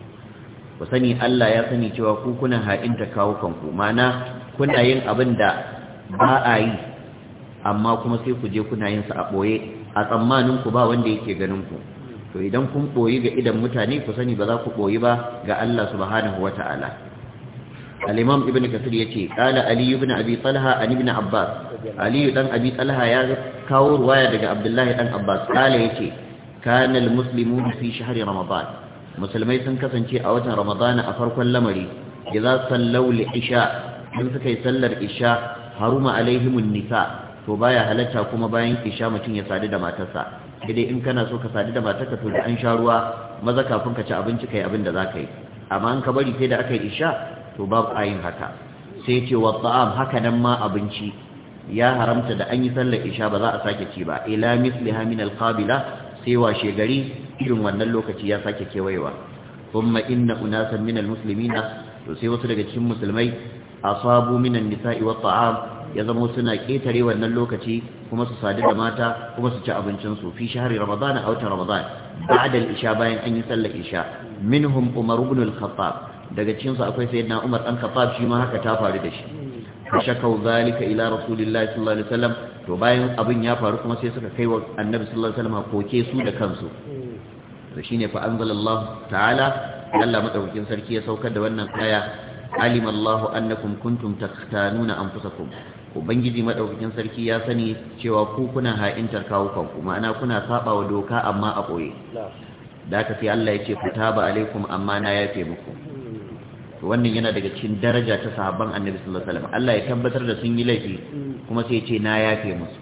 ku sani Allah ya sani cewa ku kuna ha'inta kawo kanku Mana kuna yin abin da ba a yi amma kuma sai ku je kuna yin sa a boye a tsammanin ku ba wanda yake ganin ku to idan kun boyi ga idan mutane ku sani ba za ku boyi ba ga Allah subhanahu wataala Alimam imam ibn kasir ce, ƙala! Aliyu bin abi talha an ibn abbas Aliyu, dan abi talha ya kawo ruwaya daga abdullahi dan abbas Ƙala ya ce, kanal muslimun fi shahri ramadan musulmai sun kasance a watan ramadana a farkon lamari idza sallaw li isha in suka yi sallar isha haruma alaihimun nisa to baya halatta kuma bayan isha mutum ya sadu da matarsa dai in kana so ka sadu da matarka to da an sha ruwa maza kafin ka ci abinci kai abin da ka yi amma an ka bari sai da aka yi isha to babu ayin haka sai ce wa ta'am haka nan ma abinci ya haramta da an yi sallar isha ba za a sake ci ba ila misliha min alqabila sai washe gari irin wannan lokaci ya sake kewayewa thumma inna unasan min almuslimina to sai wasu daga cikin musulmai asabu min an-nisa'i wa ta'am ya zama suna ƙetare wannan lokaci kuma su sadu da mata kuma su ci abincin su. fi shahari ramadana a watan ramadan ba'da al-isha bayan an yi sallar isha minhum umar ibn al-khattab daga cikin su akwai na Umar dan Khattab shi ma haka ta faru da shi shakau zalika ila rasulillahi sallallahu alaihi wasallam to bayan abin ya faru kuma sai suka kai wa annabi sallallahu alaihi wasallam koke su da kansu to shine fa anzalallahu ta'ala Allah madaukakin sarki ya saukar da wannan aya alim Allah annakum kuntum takhtanuna anfusakum ubangiji madaukakin sarki ya sani cewa ku kuna ha'intar kawo kanku ma'ana kuna saba wa doka amma a koye da ka sai Allah ya ce ku taba alaikum amma na yafe muku wannan yana daga cikin daraja ta sahabban annabi sallallahu alaihi wasallam Allah ya tabbatar da sun yi laifi kuma sai ya ce na yafe musu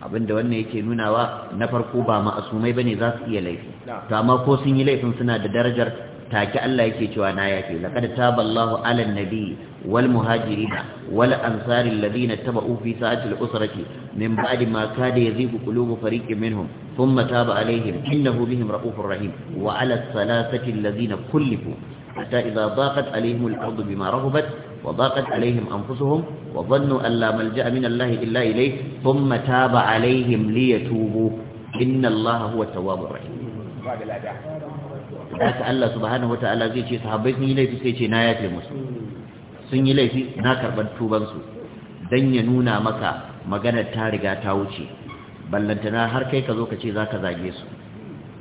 abinda wannan yake nunawa na farko ba ma'asumai bane za su iya laifi to amma ko sun yi laifin suna da darajar take Allah yake cewa na yafe laqad taballahu alan nabi wal muhajirin wal ansari alladhina tabau fi sa'atil usrati min ba'di ma kada yazigu qulubu fariqin minhum thumma taba alaihim innahu bihim raufur rahim wa ala thalathati alladhina kullifu حتى إذا ضاقت عليهم الأرض بما رهبت وضاقت عليهم أنفسهم وظنوا أن لا ملجأ من الله إلا إليه ثم تاب عليهم ليتوبوا إن الله هو التواب الرحيم haka Allah subhanahu wataala zai ce sahabbai sun yi laifi sai ce na yafe musu sun yi laifi na karɓar tubansu don ya nuna maka maganar ta riga ta wuce ballantana har kai ka zo ka ce za ka zage su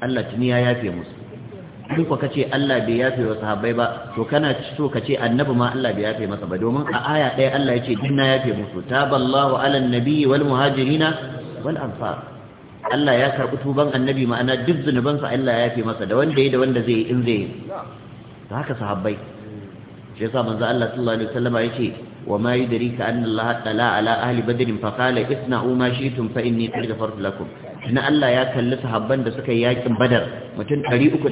Allah tuni ya yafe musu in ku kace Allah bai yafe wa sahabbai ba to kana so ka ce annabi ma Allah bai yafe masa ba domin a aya ɗaya Allah ya ce dinna yafe musu taballahu ala nabiyyi wal muhajirina wal ansar Allah ya karɓi tuban annabi ma'ana duk zunubansa Allah ya yafe masa da wanda yayi da wanda zai in zai da haka sahabbai shi yasa manzo Allah sallallahu alaihi wasallam ya ce وما يدريك أن الله تلا على أهل بدر فقال اثنعوا ما شئتم فإني قد غفرت لكم إن الله يا كلس هبان da suka yakin badar mutum 313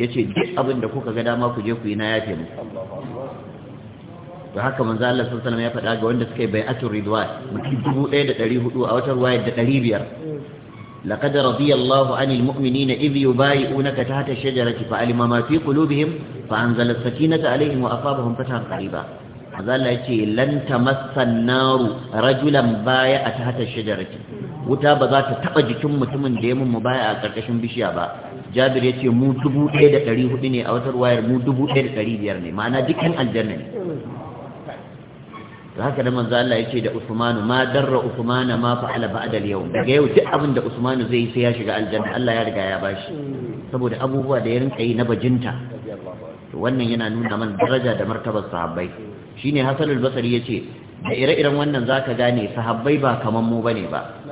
yace duk abin da kuka ga dama ku je ku yi na yafe mu to haka manzo Allah sallallahu alaihi wasallam ya faɗa ga wanda suka yi bai'atul da mutum 1400 a wata ruwaya da 500 laqad radiyallahu anil mu'minina idh yubayi'unaka tahta ash-shajarati fa'alima ma fi qulubihim fa anzala as-sakinata alaihim wa asabahum azalla yace lan tamassan naru rajulan baya a tahta shajarati wuta ba za ta taba jikin mutumin da ya mu baya a karkashin bishiya ba jabir yace mu 1400 ne a wata wayar mu 1500 ne ma'ana dukkan aljanna ne haka da manzo Allah ce da Usmanu ma darra Usmana ma fa'ala ba'da al-yawm daga yau duk abin da Usmanu zai yi sai ya shiga aljanna Allah ya riga ya bashi saboda abubuwa da ya rinka yi na bajinta wannan yana nuna mana daraja da martabar sahabbai shine Hasan al ya ce, da ire-iren wannan zaka gane sahabbai ba kaman mu bane ba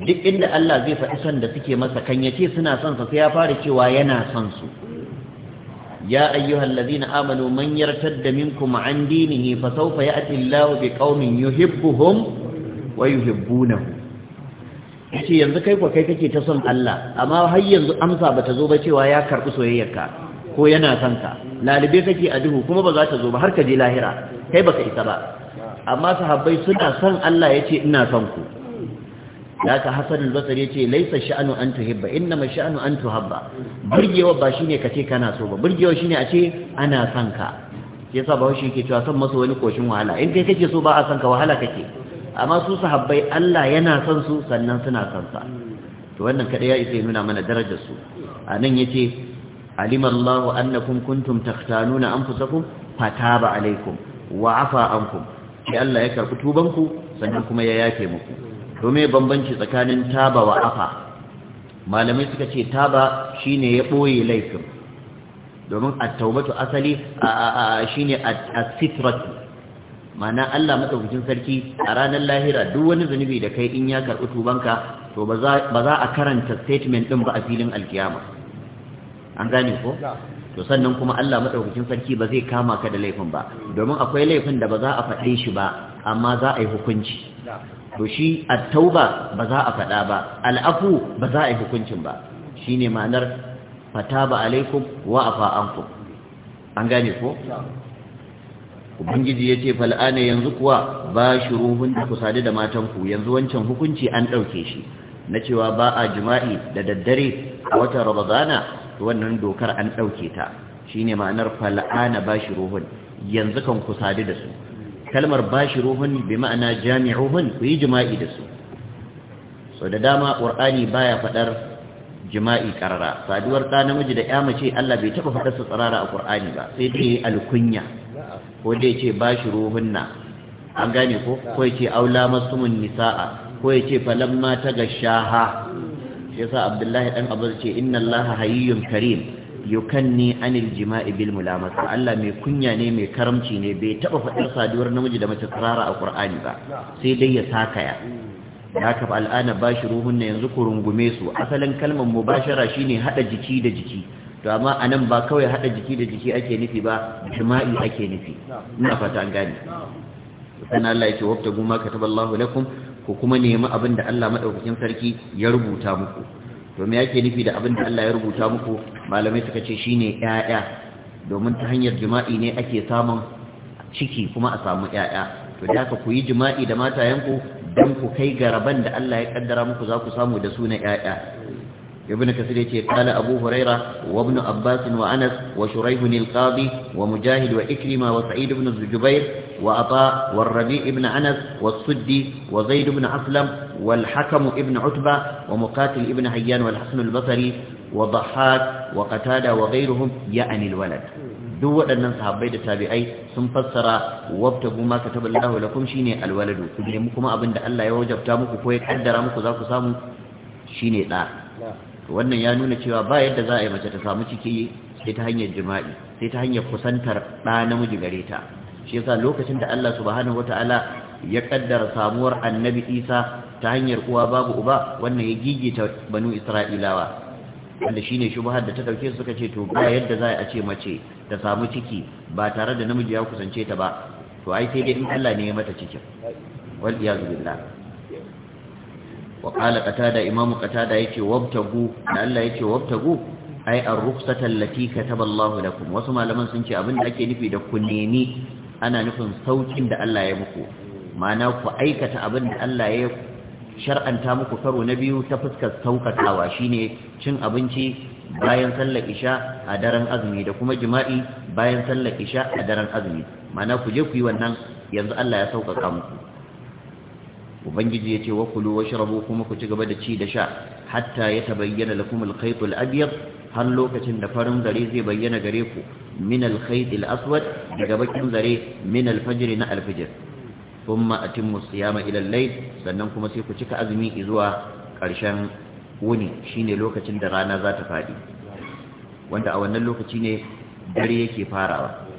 duk inda Allah zai faɗi son da suke masa kan yace suna son sa sai ya fara cewa yana son su ya ayyuhal ladina amanu man da minkum an dinihi fa sawfa ya'ti Allahu biqaumin yuhibbuhum wa yuhibbunahu yace yanzu kai ko kai kake ta son Allah amma har yanzu amsa bata zo ba cewa ya karbi soyayyarka ko yana son ka lalibe kake a duhu kuma ba za ta zo ba har ka je lahira kai baka isa ba amma sahabbai suna son Allah yace ina son ku laka hasan al-basri yace laysa sha'nu an tuhibba innama sha'nu an tuhabba burgewa ba shine kace kana so ba burgewa shine a ce ana son ka yasa shi yake cewa son masa wani koshin wahala in kai kake so ba a son ka wahala kake amma su sahabbai Allah yana son su sannan suna son sa to wannan kada ya isa nuna mana darajar su anan yace علم الله أنكم كنتم تختانون أنفسكم فتاب عليكم وعفى عنكم في الله يكر كتوبنكم سنكم يياكمكم ومي بمبنشي تكان تاب وعفى ما لم يسكتي تاب شين يقوي ليكم domin at-taubatu asali shine as-sitratu ma'ana Allah madaukakin sarki a ranar lahira duk wani zunubi da kai in ya karɓi tubanka to ba za a karanta statement din ba a filin alkiyama an gane ko to sannan kuma Allah madaukakin sarki ba zai kama ka da laifin ba domin akwai laifin da ba za a faɗe shi ba amma za a yi hukunci to shi at-tauba ba za a faɗa ba al'afu ba za a yi hukuncin ba shine ma'anar fataba alaikum wa afa ankum an gane ko ubangiji yace fal'ana yanzu kuwa ba ruhun da ku sadu da matan ku yanzu wancan hukunci an dauke shi na cewa ba a jima'i da daddare a watan ramadana wannan dokar an ɗauke ta shine ma'anar fal'ana shi ruhun yanzu kan ku sadu da su kalmar shi ruhun bi ma'ana jami'uhun ku yi jima'i da su Sau da dama ba ya faɗar jima'i ƙarara. saduwar ɗa namiji da ya mace Allah bai taɓa faɗarsa tsirara a Kur'ani ba sai dai alkunya ko dai ce ba shi na an gane ko ko ya ce aula mun nisa'a ko ya ce falamma ta gashaha yasa abdullahi ɗan abu ce inna allaha hayyun karim yukanni anil jima'i bil mulamasa Allah mai kunya ne mai karamci ne bai taba faɗar saduwar namiji da mace tsirara a Qur'ani ba sai dai ya sakaya ya ka ba bashi ruhun ne yanzu ku rungume su asalin kalmar mubashara shine hada jiki da jiki to amma anan ba kawai hada jiki da jiki ake nufi ba jima'i ake nufi ina fata an gane sannan Allah ya ce wabtagu ma kataballahu lakum ku kuma nemi abin da Allah madaukakin sarki ya rubuta muku to me yake nufi da abin da Allah ya rubuta muku malamai suka ce shine ƴaƴa domin ta hanyar jima'i ne ake samun ciki kuma a samu ƴaƴa to da haka ku yi jima'i da matayenku dan ku kai garaban da Allah ya kaddara muku za ku samu da su na ƴaƴa ibn kasir yace qala abu huraira wa ibn abbas wa anas wa shuraih al-qadi wa mujahid wa ikrima wa sa'id ibn zubair وعطاء والربيع بن أنس والسدي وزيد بن أسلم والحكم بن عتبة ومقاتل بن هيان والحسن البصري وضحاك وقتادة وغيرهم يعني الولد دو أن صحابي التابعي sun fassara wabtagu ma kataba Allahu lakum shine alwaladu ku nemi kuma abinda Allah ya wajabta muku ko ya kaddara muku za ku samu shine da wannan ya nuna cewa ba yadda za a yi mace ta samu ciki sai ta hanyar jima'i sai ta hanyar kusantar ɗa namiji gare ta shi yasa lokacin da Allah subhanahu wataala ya kaddara samuwar annabi Isa ta hanyar uwa babu uba wannan ya ta banu Isra'ilawa wanda shine shubhar da ta dauke suka ce to ba yadda za a ce mace ta samu ciki ba tare da namiji ya kusance ta ba to ai sai dai in Allah ne ya mata cikin wal iyazu billah wa qala qatada imam qatada yace wabtagu da Allah yace wabtagu ai ar-rukhsata allati kataba Allah lakum wasu malaman sun ce abin da ake nufi da ku nemi ana nufin saukin da Allah ya muku ma'ana ku aikata abin da Allah ya shar'anta muku karo na biyu ta fuskar saukatawa shine cin abinci bayan sallar isha a daren azumi da kuma jima'i bayan sallar isha a daren azumi ma'ana ku je ku yi wannan yanzu Allah ya sauƙaƙa muku ubangiji yace wa kulu washrabu kuma ku ci gaba da ci da sha hatta yatabayyana lakum al-khayt abyad har lokacin da farin zare zai bayyana gare ku min al aswad daga bakin zare min al na al-fajr thumma atimmu siyama ila al-layl sannan kuma sai ku cika azumi zuwa karshen wuni shine lokacin da rana za ta fadi wanda a wannan lokaci ne dare yake farawa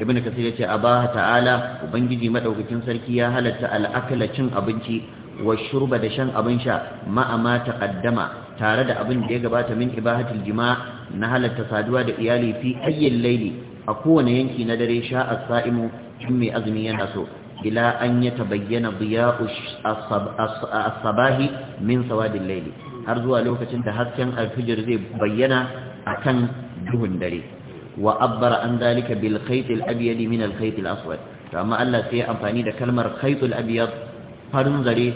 ibn kasir yace abaha ta'ala ubangiji madaukakin sarki ya halatta al'akala cin abinci wa shurba da shan abin sha ma'a ma taqaddama tare da abin da ya gabata min ibahatul jima' na halatta saduwa da iyali fi ayyin laili a kowane yanki na dare sha as-sa'imu in mai azumi yana so ila an ya tabayyana diya'u as-sabahi min sawadil laili har zuwa lokacin da hasken alfijir zai bayyana akan duhun dare wa abbara an dalika bil khayt al abyad min al Allah sai amfani da kalmar khayt al farin zare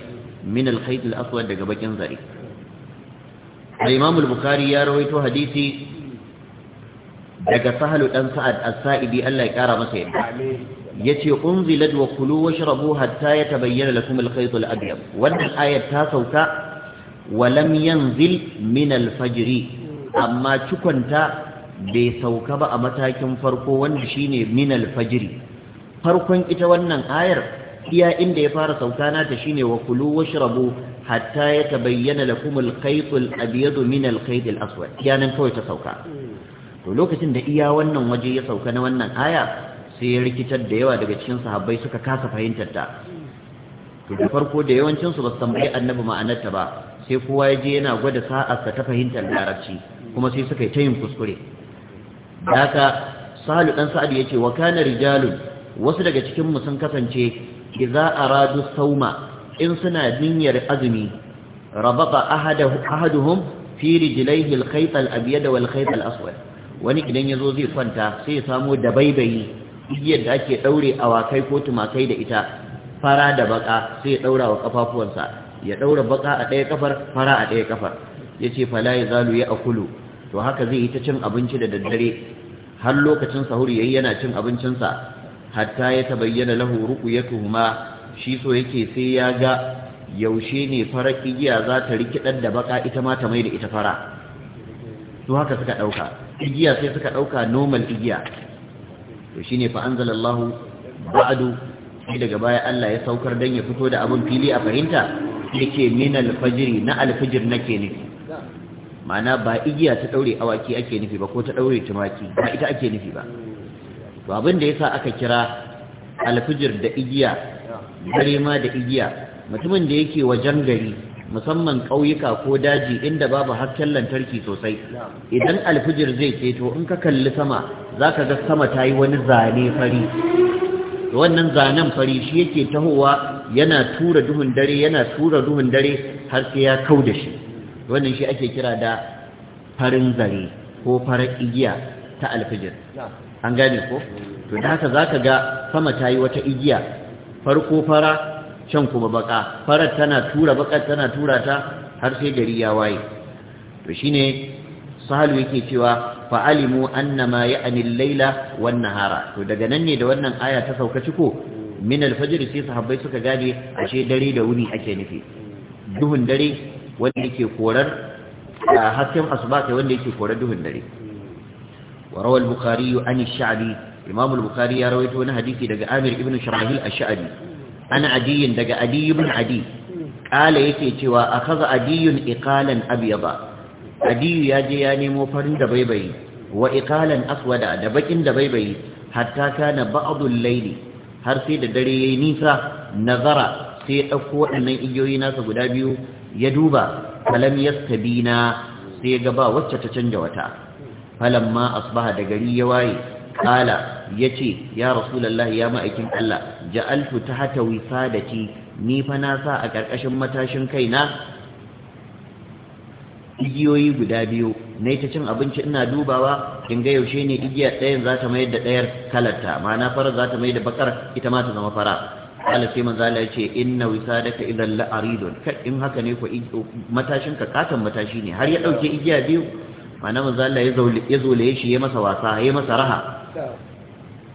min al khayt daga bakin zare al-imam bukhari ya rawaito hadisi daga sahalu dan sa'ad a saidi Allah ya kara masa yadda yace unzilat wa kulu washrabu hatta yatabayyana lakum al-khayt al-abyad wannan ayat ta sauka wa lam yanzil min amma cikonta bai sauka ba a matakin farko wanda shine min alfajiri farkon ita wannan ayar iya inda ya fara sauka nata shine wa kulu washrabu hatta yatabayyana lakum alkhayt alabyad min alkhayt alaswad yanan kawai ta sauka to lokacin da iya wannan waje ya sauka na wannan aya sai ya rikitar da yawa daga cikin sahabbai suka kasa fahimtar ta to da farko da yawancin su ba su tambayi annabi ma'anarta ba sai kowa ya je yana gwada sa'arsa ta fahimtar larabci kuma sai suka yi ta yin kuskure haka sahalu dan sa'ad yace wa kana rijalun wasu daga cikin mu sun kasance idza aradu sauma in suna niyyar azumi rabata ahadahu ahaduhum fi rijlaihi al-khayt al-abyad wani idan yazo zai kwanta sai ya samu dabaibayi igiyar da ake daure awakai ko tumakai da ita fara da baka sai ya daura wa kafafuwansa ya daura baka a ɗaya kafar fara a ɗaya kafar yace fala yazalu ya akulu to haka zai yi ta cin abinci da daddare har lokacin sahur yayi yana cin abincinsa hatta ya tabayyana lahu ruqyatuhuma shi so yake sai ya ga yaushe ne farar igiya za ta rikidar da baka ita ma ta mai da ita fara to haka suka dauka igiya sai suka dauka normal igiya to shine fa anzalallahu ba'du sai daga baya Allah ya saukar dan ya fito da abun fili a fahimta yake min al na al nake ne ma'ana ba igiya ta ɗaure awaki ake nufi ba ko ta ɗaure tumaki ba ita ake nufi ba to abin da yasa aka kira alfijir da igiya dare ma da igiya mutumin da yake wajen gari musamman ƙauyuka ko daji inda babu hasken lantarki sosai idan alfijir zai ce to in ka kalli sama za ka ga sama ta yi wani zane fari wannan zanen fari shi yake tahowa yana tura duhun dare yana tura duhun dare har sai ya kau da shi wannan shi ake kira da farin zare ko farin igiya ta alfijir an gane ko to da haka zaka ga sama tayi wata igiya farko fara can kuma baka farar tana tura bakar tana tura ta har sai gari ya waye to shine sahalu yake cewa fa'alimu annama ya'ni al-laila wan nahara to daga nan ne da wannan aya ta sauka ciko min al-fajr sai sahabbai suka gane ashe dare da wuni ake nufi mm. duhun dare wanda yake korar hasken asuba wanda yake korar duhun dare wa rawal bukhari an imam al-bukhari ya rawaito wani hadisi daga amir ibn shurahil a shabi ana adiyin daga adi ibn adi kala yake cewa kaza adiyun iqalan ba. adiyu ya je ya nemo farin da baibayi wa ikalan aswada da bakin da baibayi hatta kana ba'd layli har sai da dare yayi nisa nazara sai ya ɗauko waɗannan igiyoyi nasa guda biyu ya duba falam yastabina sai ga ba wacce ta canja wata ma asbaha da gari ya waye kala yace ya rasulullahi ya ma'aikin Allah ja'altu tahta wisadati ni fa na sa a karkashin matashin kaina igiyoyi guda biyu nayi ta cin abinci ina dubawa Kin ga yaushe ne igiya ɗayan za ta mayar da ɗayar kalarta ma'ana farar za ta mayar da bakar ita ma ta zama fara kala sai manzo Allah yace inna wisadaka idan la aridun in haka ne ko matashin ka katan matashi ne har ya dauke igiya biyu mana manzo Allah ya zaule ya zole shi ya masa wasa ya masa raha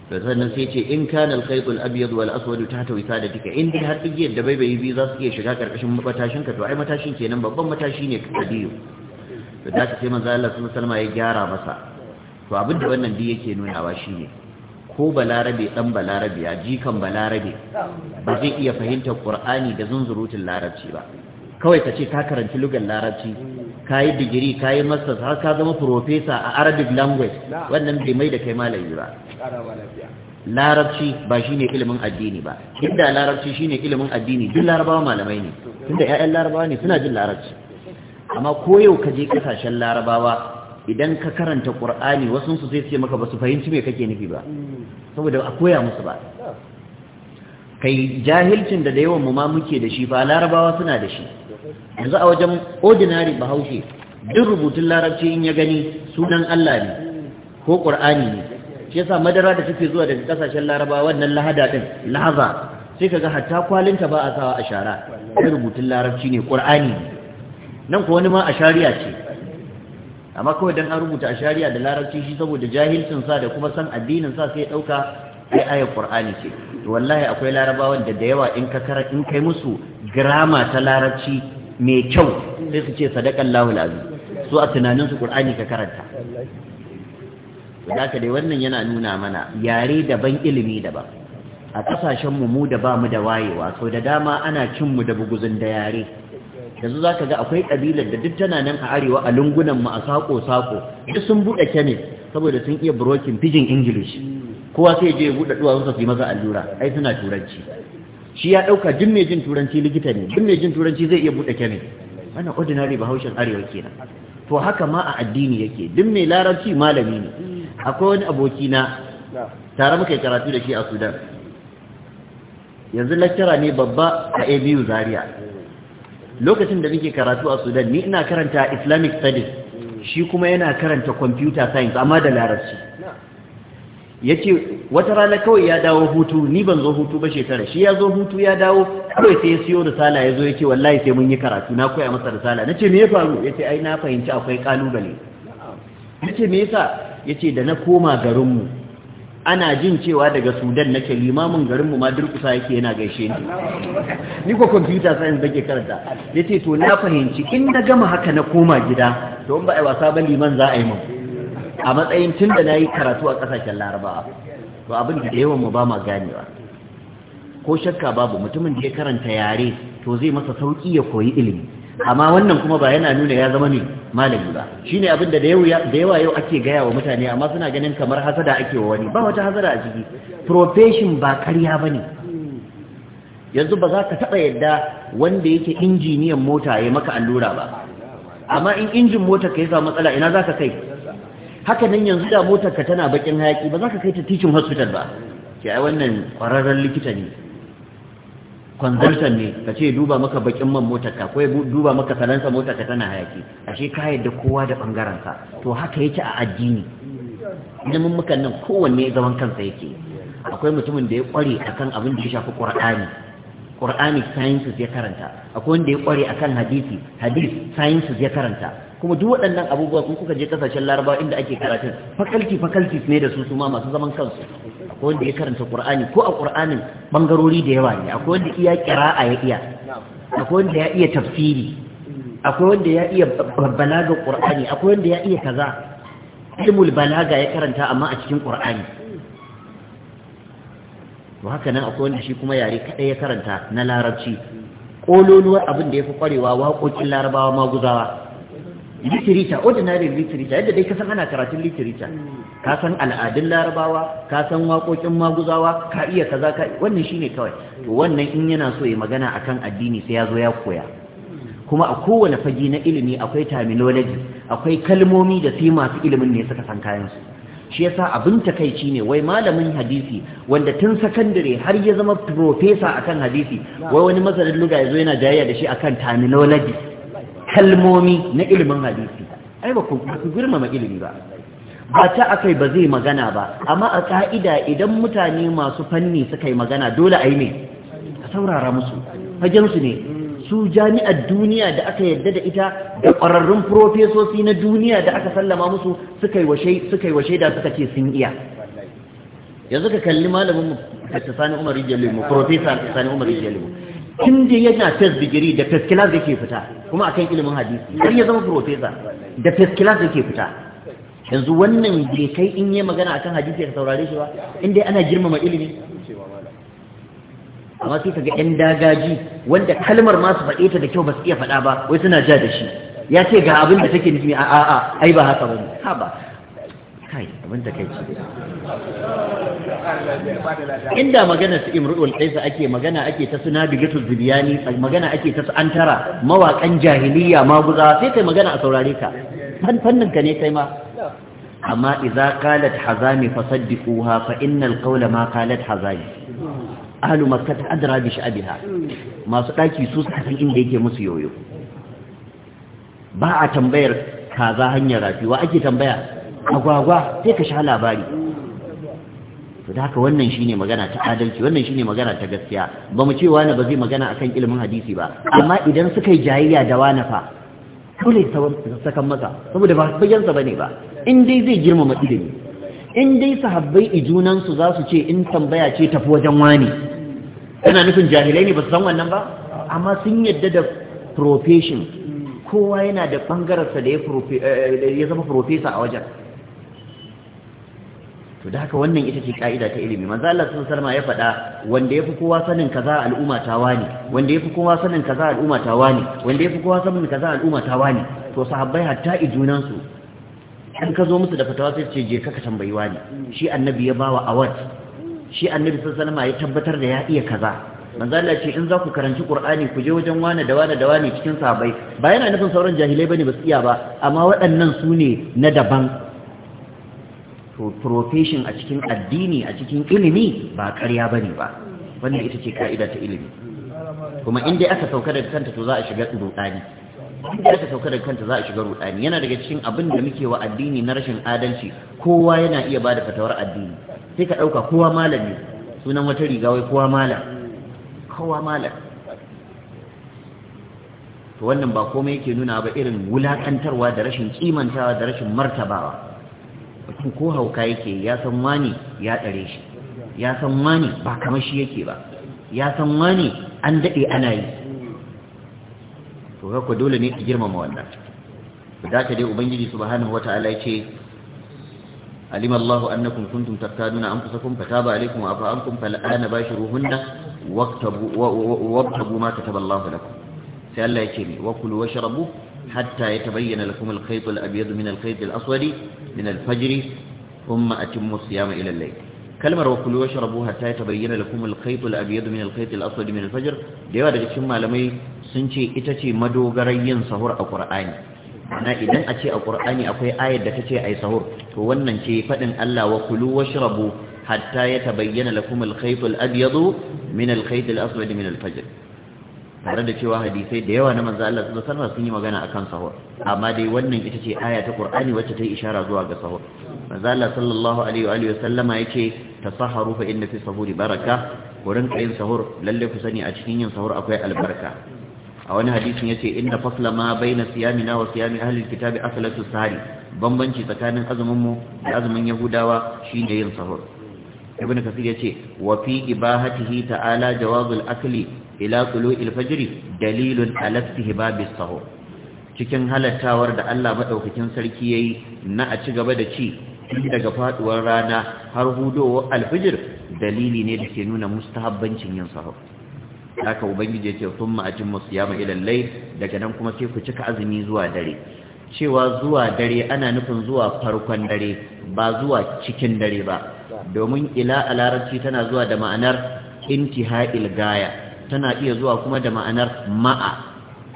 to sannan sai ce in kana al-khayt al-abyad wal aswad tahta wisadatika in dai har igiyar da bai bai za su iya shiga karkashin matashin ka to ai matashin kenan babban matashi ne ka biyu to da sai manzo Allah sallallahu alaihi wasallam ya gyara masa to abin da wannan bi yake nunawa ne. ko balarabe dan balarabe ya jikan balarabe ba zai iya fahimtar qur'ani da zunzurutun larabci ba kawai ka ce ka karanci lugan larabci ka yi digiri ka yi masters har ka zama profesa a arabic language wannan bai mai da kai malami ba larabci ba shine ilimin addini ba inda larabci shine ilimin addini duk larabawa malamai ne tunda ƴaƴan larabawa ne suna jin larabci amma ko yau ka je kasashen larabawa idan ka karanta ƙur'ani wasu su sai ce maka ba su fahimci me kake nufi ba saboda a koya musu ba kai jahilcin da da yawan mu ma muke da shi ba larabawa suna da shi yanzu a wajen ordinary bahaushe duk rubutun larabci in ya gani sunan Allah ne ko Ƙur'ani ne shi yasa madara da suke zuwa daga kasashen larabawa wannan lahada din lahaza sai kaga hatta kwalinta ba a sawa a shara rubutun larabci ne Ƙur'ani ne nan ko wani ma a shari'a ce amma kawai dan an rubuta a shari'a da larabci shi saboda jahilcin sa da kuma san addinin sa sai ya dauka ya ayar qur'ani ce to wallahi akwai larabawan da da yawa in ka kara in kai musu girama ta larabci mai kyau sai su ce lahul azim su a tunanin su qur'ani ka karanta da dai wannan yana nuna mana yare daban ilimi daban a kasashen mu mu da ba mu da wayewa to da dama ana cin mu da buguzun da yare yanzu za ka ga akwai ƙabilar da duk tana nan a arewa a lungunan mu a sako-sako duk sun buɗe ne, saboda sun iya brokin pidgin english kowa sai je buɗe ɗuwa su yi masa allura ai suna turanci shi ya ɗauka duk mai jin turanci likita ne duk mai jin turanci zai iya buɗe ne. wannan ordinary bahaushen arewa kenan to haka ma a addini yake duk mai larabci malami ne akwai wani aboki na tare muka yi karatu da shi a sudan yanzu lakcara ne babba a abu zaria lokacin da muke karatu a Sudan ni ina karanta Islamic studies shi kuma yana karanta computer science amma da larabci yace wata rana kawai ya dawo hutu ni ban zo hutu ba shekara shi ya zo hutu ya dawo kawai sai ya siyo risala ya zo ya ce wallahi sai mun yi karatu na koya masa risala na ce me ya faru ya ce ai na fahimci akwai kalubale na ce me yasa ya ce da na koma garinmu ana jin cewa daga sudan na nake limamin garinmu ma durkusa yake yana gaishe ni ni ko computer science bake karanta yace to na fahimci in na gama haka na koma gida to in ba ai wasa ba liman za a yi mun a matsayin tunda nayi karatu a kasashen laraba to abin da yawan mu ba ma ganewa ko shakka babu mutumin da ya karanta yare to zai masa sauki ya koyi ilimi amma wannan kuma ba yana nuna ya zama ne malami ba shine abin da da yawa yau ake gaya wa mutane amma suna ganin kamar hasada ake wa wani ba wata hasada a ciki profession ba karya ba ne yanzu ba za ka taɓa yadda wanda yake injiniyan mota ya maka allura ba amma in injin mota ka ya samu matsala ina za ka kai haka nan yanzu da motar ka tana bakin hayaki ba za ka kai ta teaching hospital ba ke ai wannan kwararren likita ne kwanzantar ne ka ce duba maka bakin man motarka ko duba maka salansa motarka tana hayaki ashe ka yadda kowa da bangaransa to haka yake a addini ilimin muka nan kowanne zaman kansa yake akwai mutumin da ya kware akan abin da ya shafi qur'ani qur'ani sciences ya karanta akwai wanda ya kware akan hadisi hadith sciences ya karanta kuma duk waɗannan abubuwa kun kuka je kasashen laraba inda ake karatun fakalti fakalti ne da su su ma masu zaman kansu akwai wanda ya karanta qur'ani ko a qur'anin bangarori da yawa ne akwai wanda iya qira'a ya iya akwai wanda ya iya tafsiri akwai wanda ya iya balaga qur'ani akwai wanda ya iya kaza ilmul balaga ya karanta amma a cikin qur'ani to haka nan akwai wanda shi kuma yare kadai ya karanta na larabci kololuwar abin da ya fi kwarewa waƙoƙin larabawa maguzawa literature ordinary literature yadda dai ka san ana karatun literature ka san al'adun larabawa ka san waƙoƙin maguzawa ka iya kaza ka wannan shine kawai to wannan in yana so ya magana akan addini sai ya zo ya koya kuma a kowane fage na ilimi akwai terminology akwai kalmomi da sai masu ilimin ne suka san kayan su shi yasa abin takaici ne wai malamin hadisi wanda tun sakandare har ya zama professor akan hadisi wai wani masanin luga zo yana jayayya da shi akan terminology kalmomi na ilimin hadisi ai ba ku girmama ilimi ba ba ta akai ba zai magana ba amma a ka'ida idan mutane masu fanni suka yi magana dole a yi ne a saurara musu fagen su ne su jami'ar duniya da aka yarda da ita da ƙwararrun profesosi na duniya da aka sallama musu suka yi washe da suka ce sun iya yanzu ka kalli malamin mu sani umar rijiyar profesa sani umar rijiyar tun da yana test digiri da first class ke fita kuma akan ilimin hadisi har ya zama professor da first class ke fita yanzu wannan bai kai in yi magana akan hadisi ka saurare shi ba inda ana girmama ilimi amma sai kaga yan dagaji wanda kalmar ma su faɗe ta da kyau ba su iya faɗa ba wai suna ja da shi ya ce ga abin da take nufi a a ai ba haka ne? ha ba kai abin da kai ce inda magana su imru'ul qaisa ake magana ake ta su nabigatu zibiyani magana ake ta su antara mawakan jahiliya maguza sai kai magana a saurare ka fannin ka ne kai ma amma idza qalat hazami fasaddiquha fa innal qawla ma qalat hazami ahlu makkah adra bi sha'biha masu daki su san inda yake musu yoyo ba a tambayar kaza hanyar rafi wa ake tambaya agwagwa sai ka sha labari to da haka wannan shine magana ta adalci wannan shine magana ta gaskiya ba mu ce wani ba zai magana akan ilimin hadisi ba amma idan suka yi jayayya da wani fa dole sakan maka saboda ba fagensa bane ba in dai zai girmama ilimi in dai sahabbai ijunansu za su ce in tambaya ce tafi wajen wani yana nufin jahilai ne ba su san wannan ba amma sun yadda da profession kowa yana da bangararsa eh, da ya zama profesa a wajen to da haka wannan ita ce ka'ida ta ilimi manzo Allah sun alaihi ya faɗa wanda yafi kowa sanin kaza al'umma ta wani wanda yafi kowa sanin kaza al'umma ta wani wanda yafi kowa sanin kaza al'umma ta wani to sahabbai hatta junan su an ka zo musu da fatawa sai ce je ka tambayi wani shi annabi ya bawa awat shi annabi sallallahu alaihi ya tabbatar da ya iya kaza manzo Allah ce in za ku karanci Qur'ani ku je wajen wani da wani da wani cikin sahabbai ba yana nufin sauran jahilai bane ba su iya ba amma waɗannan su ne na daban to profession a cikin addini a cikin ilimi ba ƙarya bane ba wannan ita ce ka'ida ta ilimi kuma in dai aka sauka daga kanta to za a shiga rudani in dai aka sauka daga kanta za a shiga rudani yana daga cikin abin da muke wa addini na rashin adalci kowa yana iya ba da fatawar addini sai ka ɗauka kowa malam ne sunan wata riga wai kowa malam kowa malam to wannan ba komai yake nuna ba irin wulakantarwa da rashin kimantawa da rashin martabawa ko hauka yake ya san wani ya tsare shi ya san wani ba kamar shi yake ba ya san wani an daɗe ana yi to dole ne a girmama wannan ku dace dai ubangiji subhanahu wata'ala ya ce alim Allah An kuntum tattaduna ta ba alaikum wa la'ana ankum fal'ana bashiruhunna waqtabu waqtabu ma kataba Allah lakum sai Allah ya ce ne wa kulu hatta ya tabayyana lakum al-khayt al-abyad min al-khayt al-aswad min al-fajr thumma atimmu as-siyama ila kalmar wa kulu washrabu hatta ya tabayyana lakum al-khayt al-abyad min al-khayt al-aswad da yawa da cikin malamai sun ce ita ce madogarar yin sahur a Qur'ani ana idan a ce a ƙur'ani akwai ayar da ta ce a yi to wannan ce faɗin Allah wa kulu wa shirabu hatta ya tabayyana lakum alkhaytul tare da cewa hadisai da yawa na manzo Allah sallallahu alaihi wasallam sun yi magana akan sahur amma dai wannan ita ce aya ta Qur'ani wacce ta yi ishara zuwa ga sahur manzo Allah sallallahu alaihi wa alihi wasallama yake tasaharu fa inna fi sahuri baraka wurin kayin sahur lalle ku sani a cikin yin sahur akwai albarka a wani hadisin yace inna fasla ma baina siyamina wa siyami ahli alkitabi asalatu sahari bambanci tsakanin azumin mu da azumin yahudawa shine yin sahur ibn kasir yace wa fi ibahatihi ta'ala jawazul akli ila tulu'il fajri dalilun ala istihbabis sahur cikin halattawar da Allah maɗaukakin sarki yayi na a ci gaba da ci daga faɗuwar rana har hudowar alfijir dalili ne da ke nuna mustahabbancin yin sahur haka ubangiji ya ce sun ma'ajin siyama ila al daga nan kuma sai ku cika azumi zuwa dare cewa zuwa dare ana nufin zuwa farkon dare ba zuwa cikin dare ba domin ila a larabci tana zuwa da ma'anar intiha'il gaya tana iya zuwa kuma da ma'anar ma'a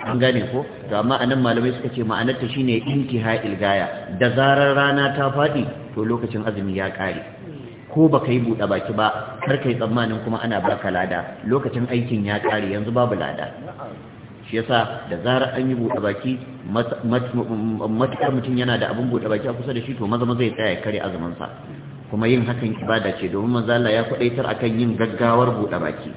an gane ko to amma anan malamai suka ce ma'anar ta shine intiha'il gaya da zarar rana ta faɗi to lokacin azumi ya kare ko baka yi buɗe baki ba har kai tsammanin kuma ana baka lada lokacin aikin ya ƙare yanzu babu lada shi yasa da zarar an yi buɗe baki matuƙar mutum yana da abun buɗe baki a kusa da shi to maza maza ya tsaya kare sa kuma yin hakan ibada ce domin manzo Allah ya faɗaitar akan yin gaggawar buɗe baki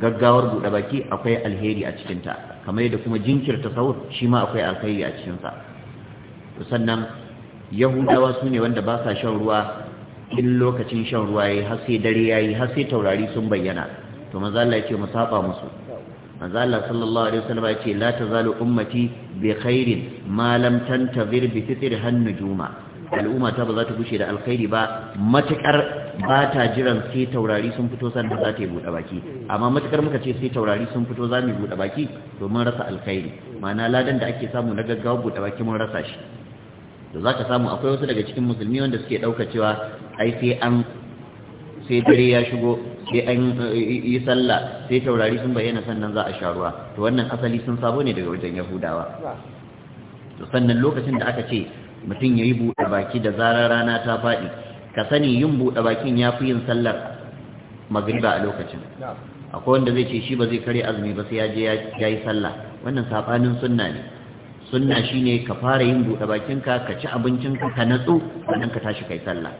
gaggawar buɗe baki akwai alheri a cikinta kamar yadda kuma jinkirta sahur shi ma akwai alheri a cikinsa sannan yahudawa su ne wanda ba sa shan ruwa in lokacin shan ruwa yayi har sai dare yayi har sai taurari sun bayyana to manzo ya ce mu saba musu manzo sallallahu alaihi wasallam ya ce la tazalu ummati bi khairin ma lam tantazir bi fitrhan al'umma ta ba za ta gushe da alkhairi ba matakar ba ta jiran sai taurari sun fito sanda za ta yi buɗe baki amma matukar muka ce sai taurari sun fito za mu buɗe baki to mun rasa alkhairi ma'ana ladan da ake samu na gaggawa buɗe baki mun rasa shi to za ka samu akwai wasu daga cikin musulmi wanda suke ɗauka cewa ai sai an sai dare ya shigo sai an eh, yi sallah sai taurari sun bayyana sannan za a sha ruwa to wannan asali sun sabo ne daga wajen yahudawa to sannan lokacin da aka ce mutum ya yi buɗe baki da zarar rana ta faɗi ka sani yin buɗe bakin ya fi yin sallar magriba a lokacin akwai wanda zai ce shi ba zai kare azumi ba sai ya je ya yi sallah wannan sabanin sunna ne sunna shine ka fara yin buɗe bakinka ka ci abincinka ka natsu sannan ka tashi kai sallah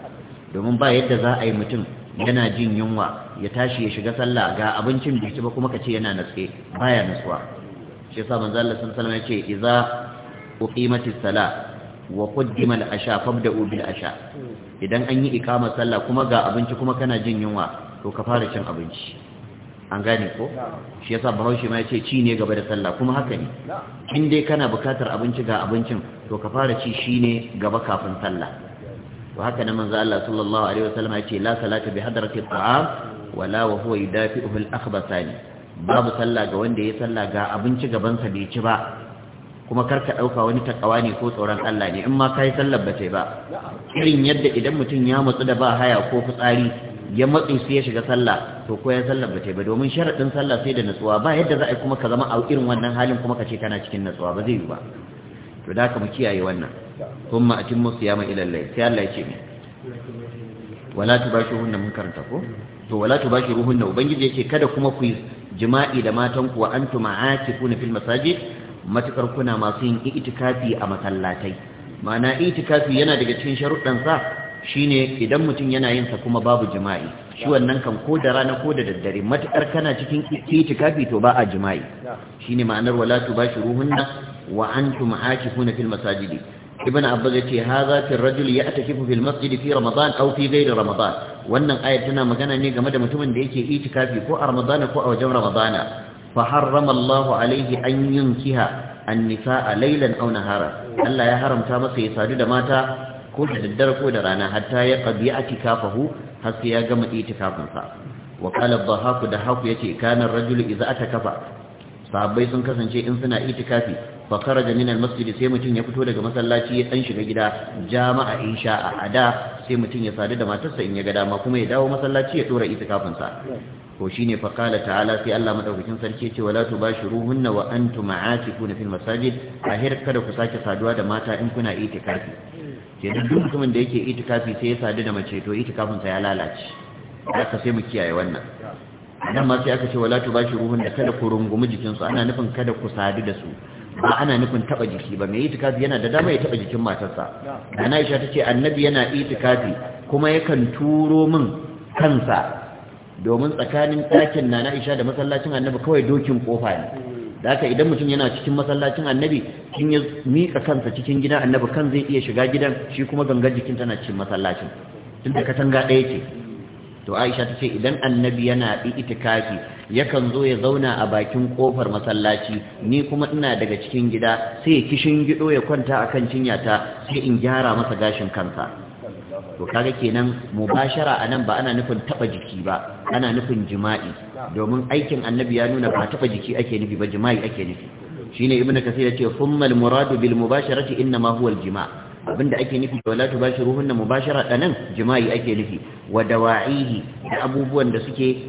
domin ba yadda za a yi mutum yana jin yunwa ya tashi ya shiga sallah ga abincin bai ci ba kuma ka ce yana natsuwa baya natsuwa shi yasa manzo Allah sallallahu alaihi wasallam ya ce idza uqimatis salah wa qaddima al-asha fabda'u bil asha idan an yi ikama sallah kuma ga abinci kuma kana jin yunwa to ka fara cin abinci an gane ko shi yasa bahaushe ma yace ci ne gaba da sallah kuma haka ne in dai kana bukatar abinci ga abincin to ka fara ci shine gaba kafin sallah to haka ne manzo Allah sallallahu alaihi wasallam yace la salata bi hadratil ta'am wala wa huwa yudafi'u bil akhbasani babu sallah ga wanda ya sallah ga abinci gaban sa bai ci ba kuma kar ka ɗauka wani takawa ne ko tsoron Allah ne in ma ka yi sallar ba ba irin yadda idan mutum ya matsu da ba haya ko fitsari ya matsi sai ya shiga sallah to ko ya sallar ba ba domin sharaɗin sallah sai da natsuwa ba yadda za a yi kuma ka zama a irin wannan halin kuma ka ce kana cikin natsuwa ba zai yi ba to da ka mu kiyaye wannan kuma a timmu siyama ila Allah sai Allah ya ce ni wala tubashiruhunna mun karanta ko to wala tu bashi ruhun tubashiruhunna ubangiji yake kada kuma ku jima'i da matan ku wa antuma aakifuna fil masajid matukar kuna masu yin itikafi a masallatai ma'ana itikafi yana daga cikin sharuɗan sa shine idan mutum yana yin sa kuma babu jima'i shi wannan kan ko da rana ko da daddare matukar kana cikin itikafi to ba a jima'i shine ma'anar wala tubashiruhunna wa antum aakifuna fil masajidi ibn abbas yace hadha fi rajul ya'takifu fil masjid fi ramadan aw fi ghayri ramadan wannan ayat tana magana ne game da mutumin da yake itikafi ko a ramadana ko a wajen ramadana fa harrama Allah alaihi an yunkiha an-nisaa laylan aw Allah ya haramta masa ya sadu da mata ko da daddare ko da rana hatta ya qadi atikafahu har sai ya gama itikafin sa wa qala da haku ya ce ar-rajulu idza kafa. sahabbai sun kasance in suna itikafi fa kharaja min al sai mutum ya fito daga masallaci ya dan shiga gida jama'a insha a ada sai mutum ya sadu da matarsa in ya ga dama kuma ya dawo masallaci ya dora itikafin sa to shine fa qala ta'ala sai Allah madaukakin sarki ce wala tubashiruhunna wa antum ma'atikuna fil masajid ahir kada ku sake saduwa da mata in kuna itikafi ke duk mutumin da yake itikafi sai ya sadu da mace to itikafin sa ya lalace haka sai mu kiyaye wannan Dan ma sai aka ce wala tubashiruhunna kada ku rungumi jikin su ana nufin kada ku sadu da su ba ana nufin taba jiki ba mai itikafi yana da dama ya taba jikin matarsa Aisha tace annabi yana itikafi kuma yakan turo min kansa domin tsakanin ɗakin na na isha da masallacin annabi kawai dokin kofa ne da haka idan mutum yana cikin masallacin annabi kin ya miƙa kansa cikin gidan annabi kan zai iya shiga gidan shi kuma gangar jikin tana cikin masallacin tun da katanga ɗaya ce to aisha ta ce idan annabi yana itikafi yakan zo ya zauna a bakin kofar masallaci ni kuma ina daga cikin gida sai kishin gido ya kwanta akan ta, sai in gyara masa gashin kansa to kaga kenan mubashara anan ba ana nufin taba jiki ba ana nufin jima'i domin aikin annabi ya nuna ba taba jiki ake nufi ba jima'i ake nufi shine ibnu kasir yace thumma al muradu bil mubasharati ma huwa al jima' abinda ake nufi da wala tubashiruhunna mubashara anan jima'i ake nufi wa dawa'ihi da abubuwan da suke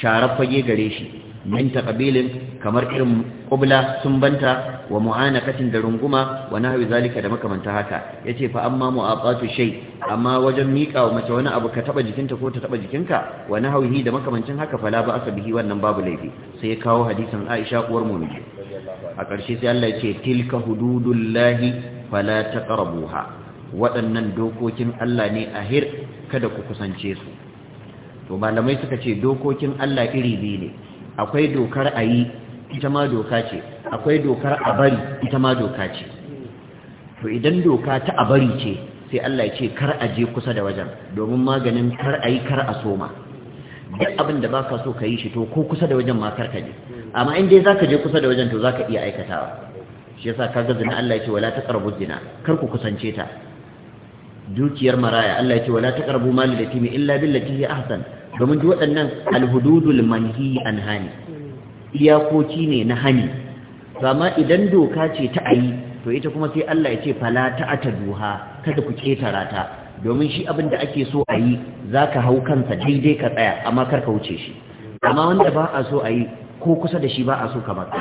sharaffage gare shi min taqabilin kamar irin qubla sun banta wa mu'anakatin da runguma wa nahwi zalika da makamanta haka yace fa amma mu'aqatu shay amma wajen miƙa wa mace wani abu ka taba jikinta ko ta taba jikinka wa nahwihi da makamancin haka fala ba aka bihi wannan babu laifi sai ya kawo hadisin Aisha uwar mu'minin a ƙarshe sai Allah yace tilka hududullahi fala taqrabuha waɗannan dokokin Allah ne ahir kada ku kusance su to malamai suka ce dokokin Allah iri biyu ne akwai dokar ayi ita ma doka ce akwai dokar a bari ita ma doka ce to idan doka ta a bari ce sai Allah ya ce kar a je kusa da wajen domin maganin kar a yi kar a soma duk abin da baka so ka yi shi to ko kusa da wajen ma kar ka je amma in dai zaka je kusa da wajen to zaka iya aikatawa shi yasa kaga zina Allah ya ce wala taqrabu zina kar ku kusance ta dukiyar maraya Allah ya ce wala mali mal yatimi illa billati hi ahsan domin duk waɗannan alhududul manhi anhani iyakoki ne na hani amma idan doka ce ta ayi to ita kuma sai Allah ya ce fala ata duha kada ku ketara ta domin shi abin da ake so a yi zaka hau kansa daidai ka tsaya amma kar ka wuce shi amma wanda ba a so a yi ko kusa da shi ba a so ka matsa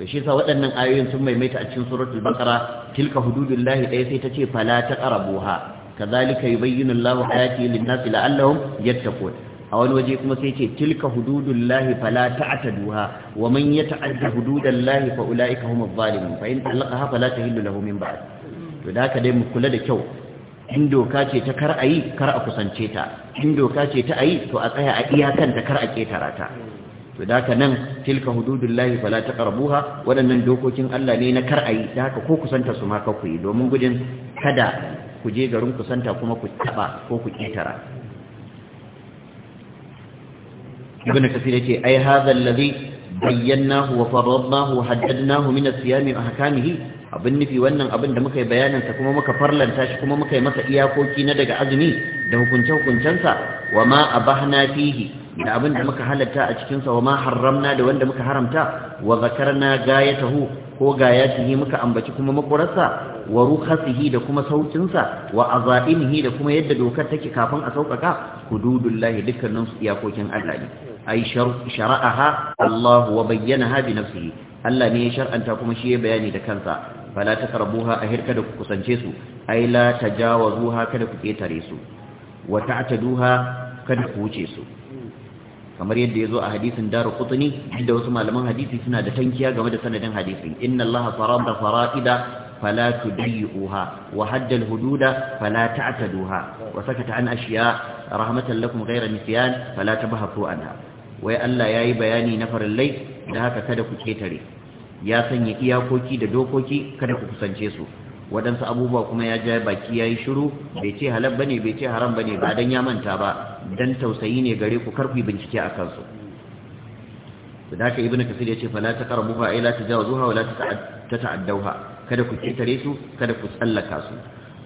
to shi waɗannan ayoyin sun maimaita a cikin suratul baqara tilka hududullahi ɗaya sai ta ce fala taqrabuha kadhalika yubayyinu Allahu ayatihi lin-nasi la'allahum yattaqun a wani waje kuma sai ce tilka hududullahi fala ta'taduha wa man yata'adda lahi fa ulaika humuz zalimun fa in talaqaha fala tahillu lahu min ba'd to da haka dai mu kula da kyau in doka ce ta kar a yi kar a kusance ta in doka ce ta a yi to a tsaya a iyakan ta kar a ketara ta to da haka nan tilka hududullahi fala taqrabuha waɗannan dokokin Allah ne na kar a yi da haka ko kusanta su ma ka ku yi domin gudun kada ku je garin kusanta kuma ku taba ko ku ketara ibn kasir yace ai hadha alladhi bayyanahu wa faradnahu haddadnahu min as-siyami ahkamihi abin nufi wannan abin da muka yi bayanin sa kuma muka farlanta shi kuma muka yi masa iyakoki na daga azumi da hukunce hukuncensa wa ma abahna fihi da abin da muka halatta a cikin sa wa ma haramna da wanda muka haramta wa zakarna gayatahu ko gayatihi muka ambaci kuma makurarsa wa ruhasihi da kuma saukinsa wa azaimihi da kuma yadda dokar take kafin a saukaka hududullahi dukkanin su iyakokin Allah ne ai shara'aha Allah wa bayyanaha bi nafsihi Allah ne ya shar'anta kuma shi ya bayani da kansa fala takrabuha a hirka da ku kusance su ai la tajawazuha kada ku ketare su wa ta'taduha kada ku wuce su kamar yadda ya zo a hadisin daru kutuni inda wasu malaman hadisi suna da tankiya game da sanadin hadisin inna allaha farada fara'ida fala tudayyi'uha wa hadda alhududa fala ta'taduha wa sakata an ashiya rahmatan lakum ghayra nisyan fala tabahatu anha wai Allah ya yi bayani na farillai da haka kada ku ketare ya sanya iyakoki da dokoki kada ku kusance su waɗansu abubuwa kuma ya ja baki ya yi shiru bai ce ba bane bai ce haram bane ba dan ya manta ba dan tausayi ne gare ku karfi bincike a kansu su da haka Ibn kasir ya ce ta ba fala taqrabuha ila tajawazuha wala tata'addawha kada ku ketare su kada ku tsallaka su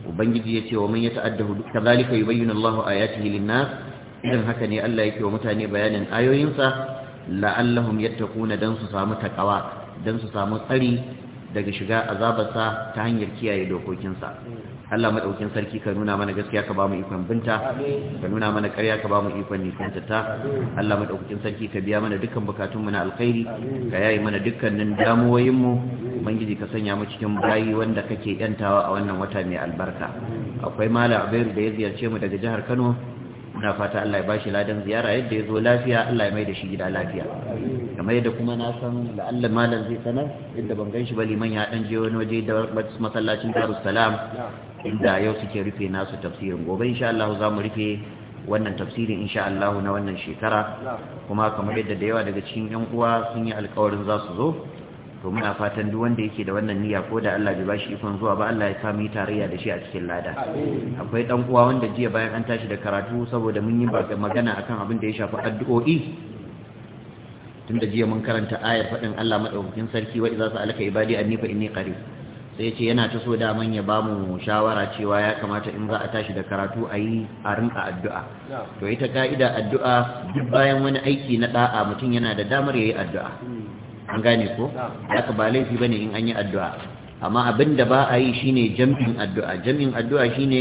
ubangiji ya ce wa man yata'addahu kazalika yubayyinu Allahu ayatihi lin-nas idan haka ne Allah yake wa mutane bayanin ayoyinsa la'allahum yattaquna dan su samu takawa dan su samu tsari daga shiga azabarsa ta hanyar kiyaye dokokinsa Allah madaukin sarki ka nuna mana gaskiya ka bamu ikon binta ka nuna mana ƙarya ka bamu ikon nisanta ta Allah madaukin sarki ka biya mana dukkan bukatun mu na alkhairi ka yayi mana dukkanin damuwoyin mu ubangiji ka sanya mu cikin bayi wanda kake yantawa a wannan wata mai albarka akwai malam Abdul da ya ziyarce mu daga jihar Kano muna fata Allah ya bashi ladan ziyara yadda ya zo lafiya Allah ya mai da shi gida lafiya kamar yadda kuma na san la'alla malam zai sanar inda ban gan shi ba liman ya dan je wani waje da masallacin Darus Salam inda yau suke rufe nasu tafsirin gobe insha Allah za mu rufe wannan tafsirin insha Allah na wannan shekara kuma kamar yadda da yawa daga cikin yan uwa sun yi alƙawarin za su zo to muna fatan duk wanda yake da wannan niyya ko da Allah bai bashi ikon zuwa ba Allah ya sa mu tarayya da shi a cikin lada akwai dan uwa wanda jiya bayan an tashi da karatu saboda mun yi magana akan abin da ya shafi addu'o'i tunda jiya mun karanta ayar fadin Allah madaukakin sarki wa idza sa'alaka ibadi anni fa inni qarib sai ce yana ta so da man ya bamu shawara cewa ya kamata in za a tashi da karatu a yi a rinka addu'a to ita ka'ida addu'a duk bayan wani aiki na da'a mutum yana da damar ya yi addu'a hmm. an gane ko haka ba laifi bane in an yi addu'a amma abin da ba a yi shine jam'in addu'a jam'in addu'a shine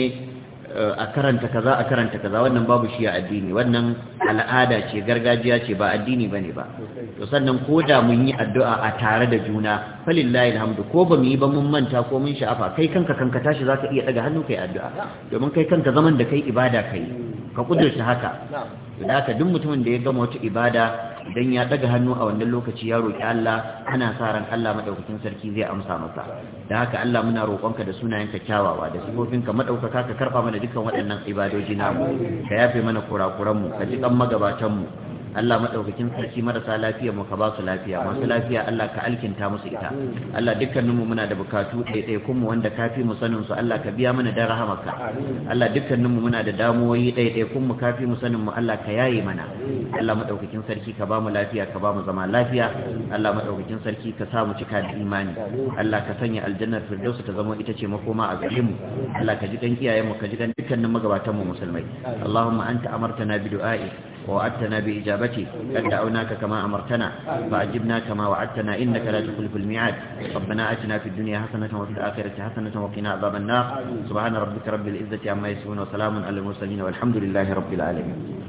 eh, a karanta kaza a karanta kaza wannan babu shi a addini wannan al'ada ce gargajiya ce ba addini bane ba to sannan ko da mun yi addu'a a tare da juna falillahi alhamdu ko ba mu yi ba mun manta ko mun sha'afa kai kanka kanka tashi zaka iya daga hannu kai addu'a domin kai kanka zaman da kai ibada kai ka kudurci haka da haka duk mutumin da ya gama wata ibada idan ya ɗaga hannu a wannan lokaci ya roƙi Allah ana sa ran Allah madaukakin sarki zai amsa masa da haka Allah muna roƙonka da sunayen kyawawa da sifofinka maɗaukaka, ka karɓa mana dukkan waɗannan ibadoji namu ka yafe mana kurakuran mu ka ji ɗan magabatan mu Allah maɗaukakin sarki marasa lafiya mu ka ba su lafiya masu lafiya Allah ka alkinta musu ita Allah dukkaninmu muna da bukatu ɗaya kuma wanda fi mu sanin su Allah ka biya mana da rahamarka Allah dukkaninmu muna da damuwoyi ɗaiɗai kuma fi mu sanin mu Allah ka yaye mana Allah maɗaukakin sarki ka ba mu lafiya ka ba mu zama lafiya Allah maɗaukakin sarki ka sa mu cika da imani Allah ka sanya aljannar firdausu ta zama ita ce makoma a gare mu Allah ka ji dan iyayen mu ka ji dan dukkanin magabatan mu musulmai Allahumma anta amartana bi du'ai ووعدتنا بإجابته قد دعوناك كما أمرتنا فأجبنا كما وعدتنا إنك لا تخلف الميعاد ربنا أتنا في الدنيا حسنة وفي الآخرة حسنة وقنا عذاب النار سبحان ربك رب العزة عما يصفون وسلام على المرسلين والحمد لله رب العالمين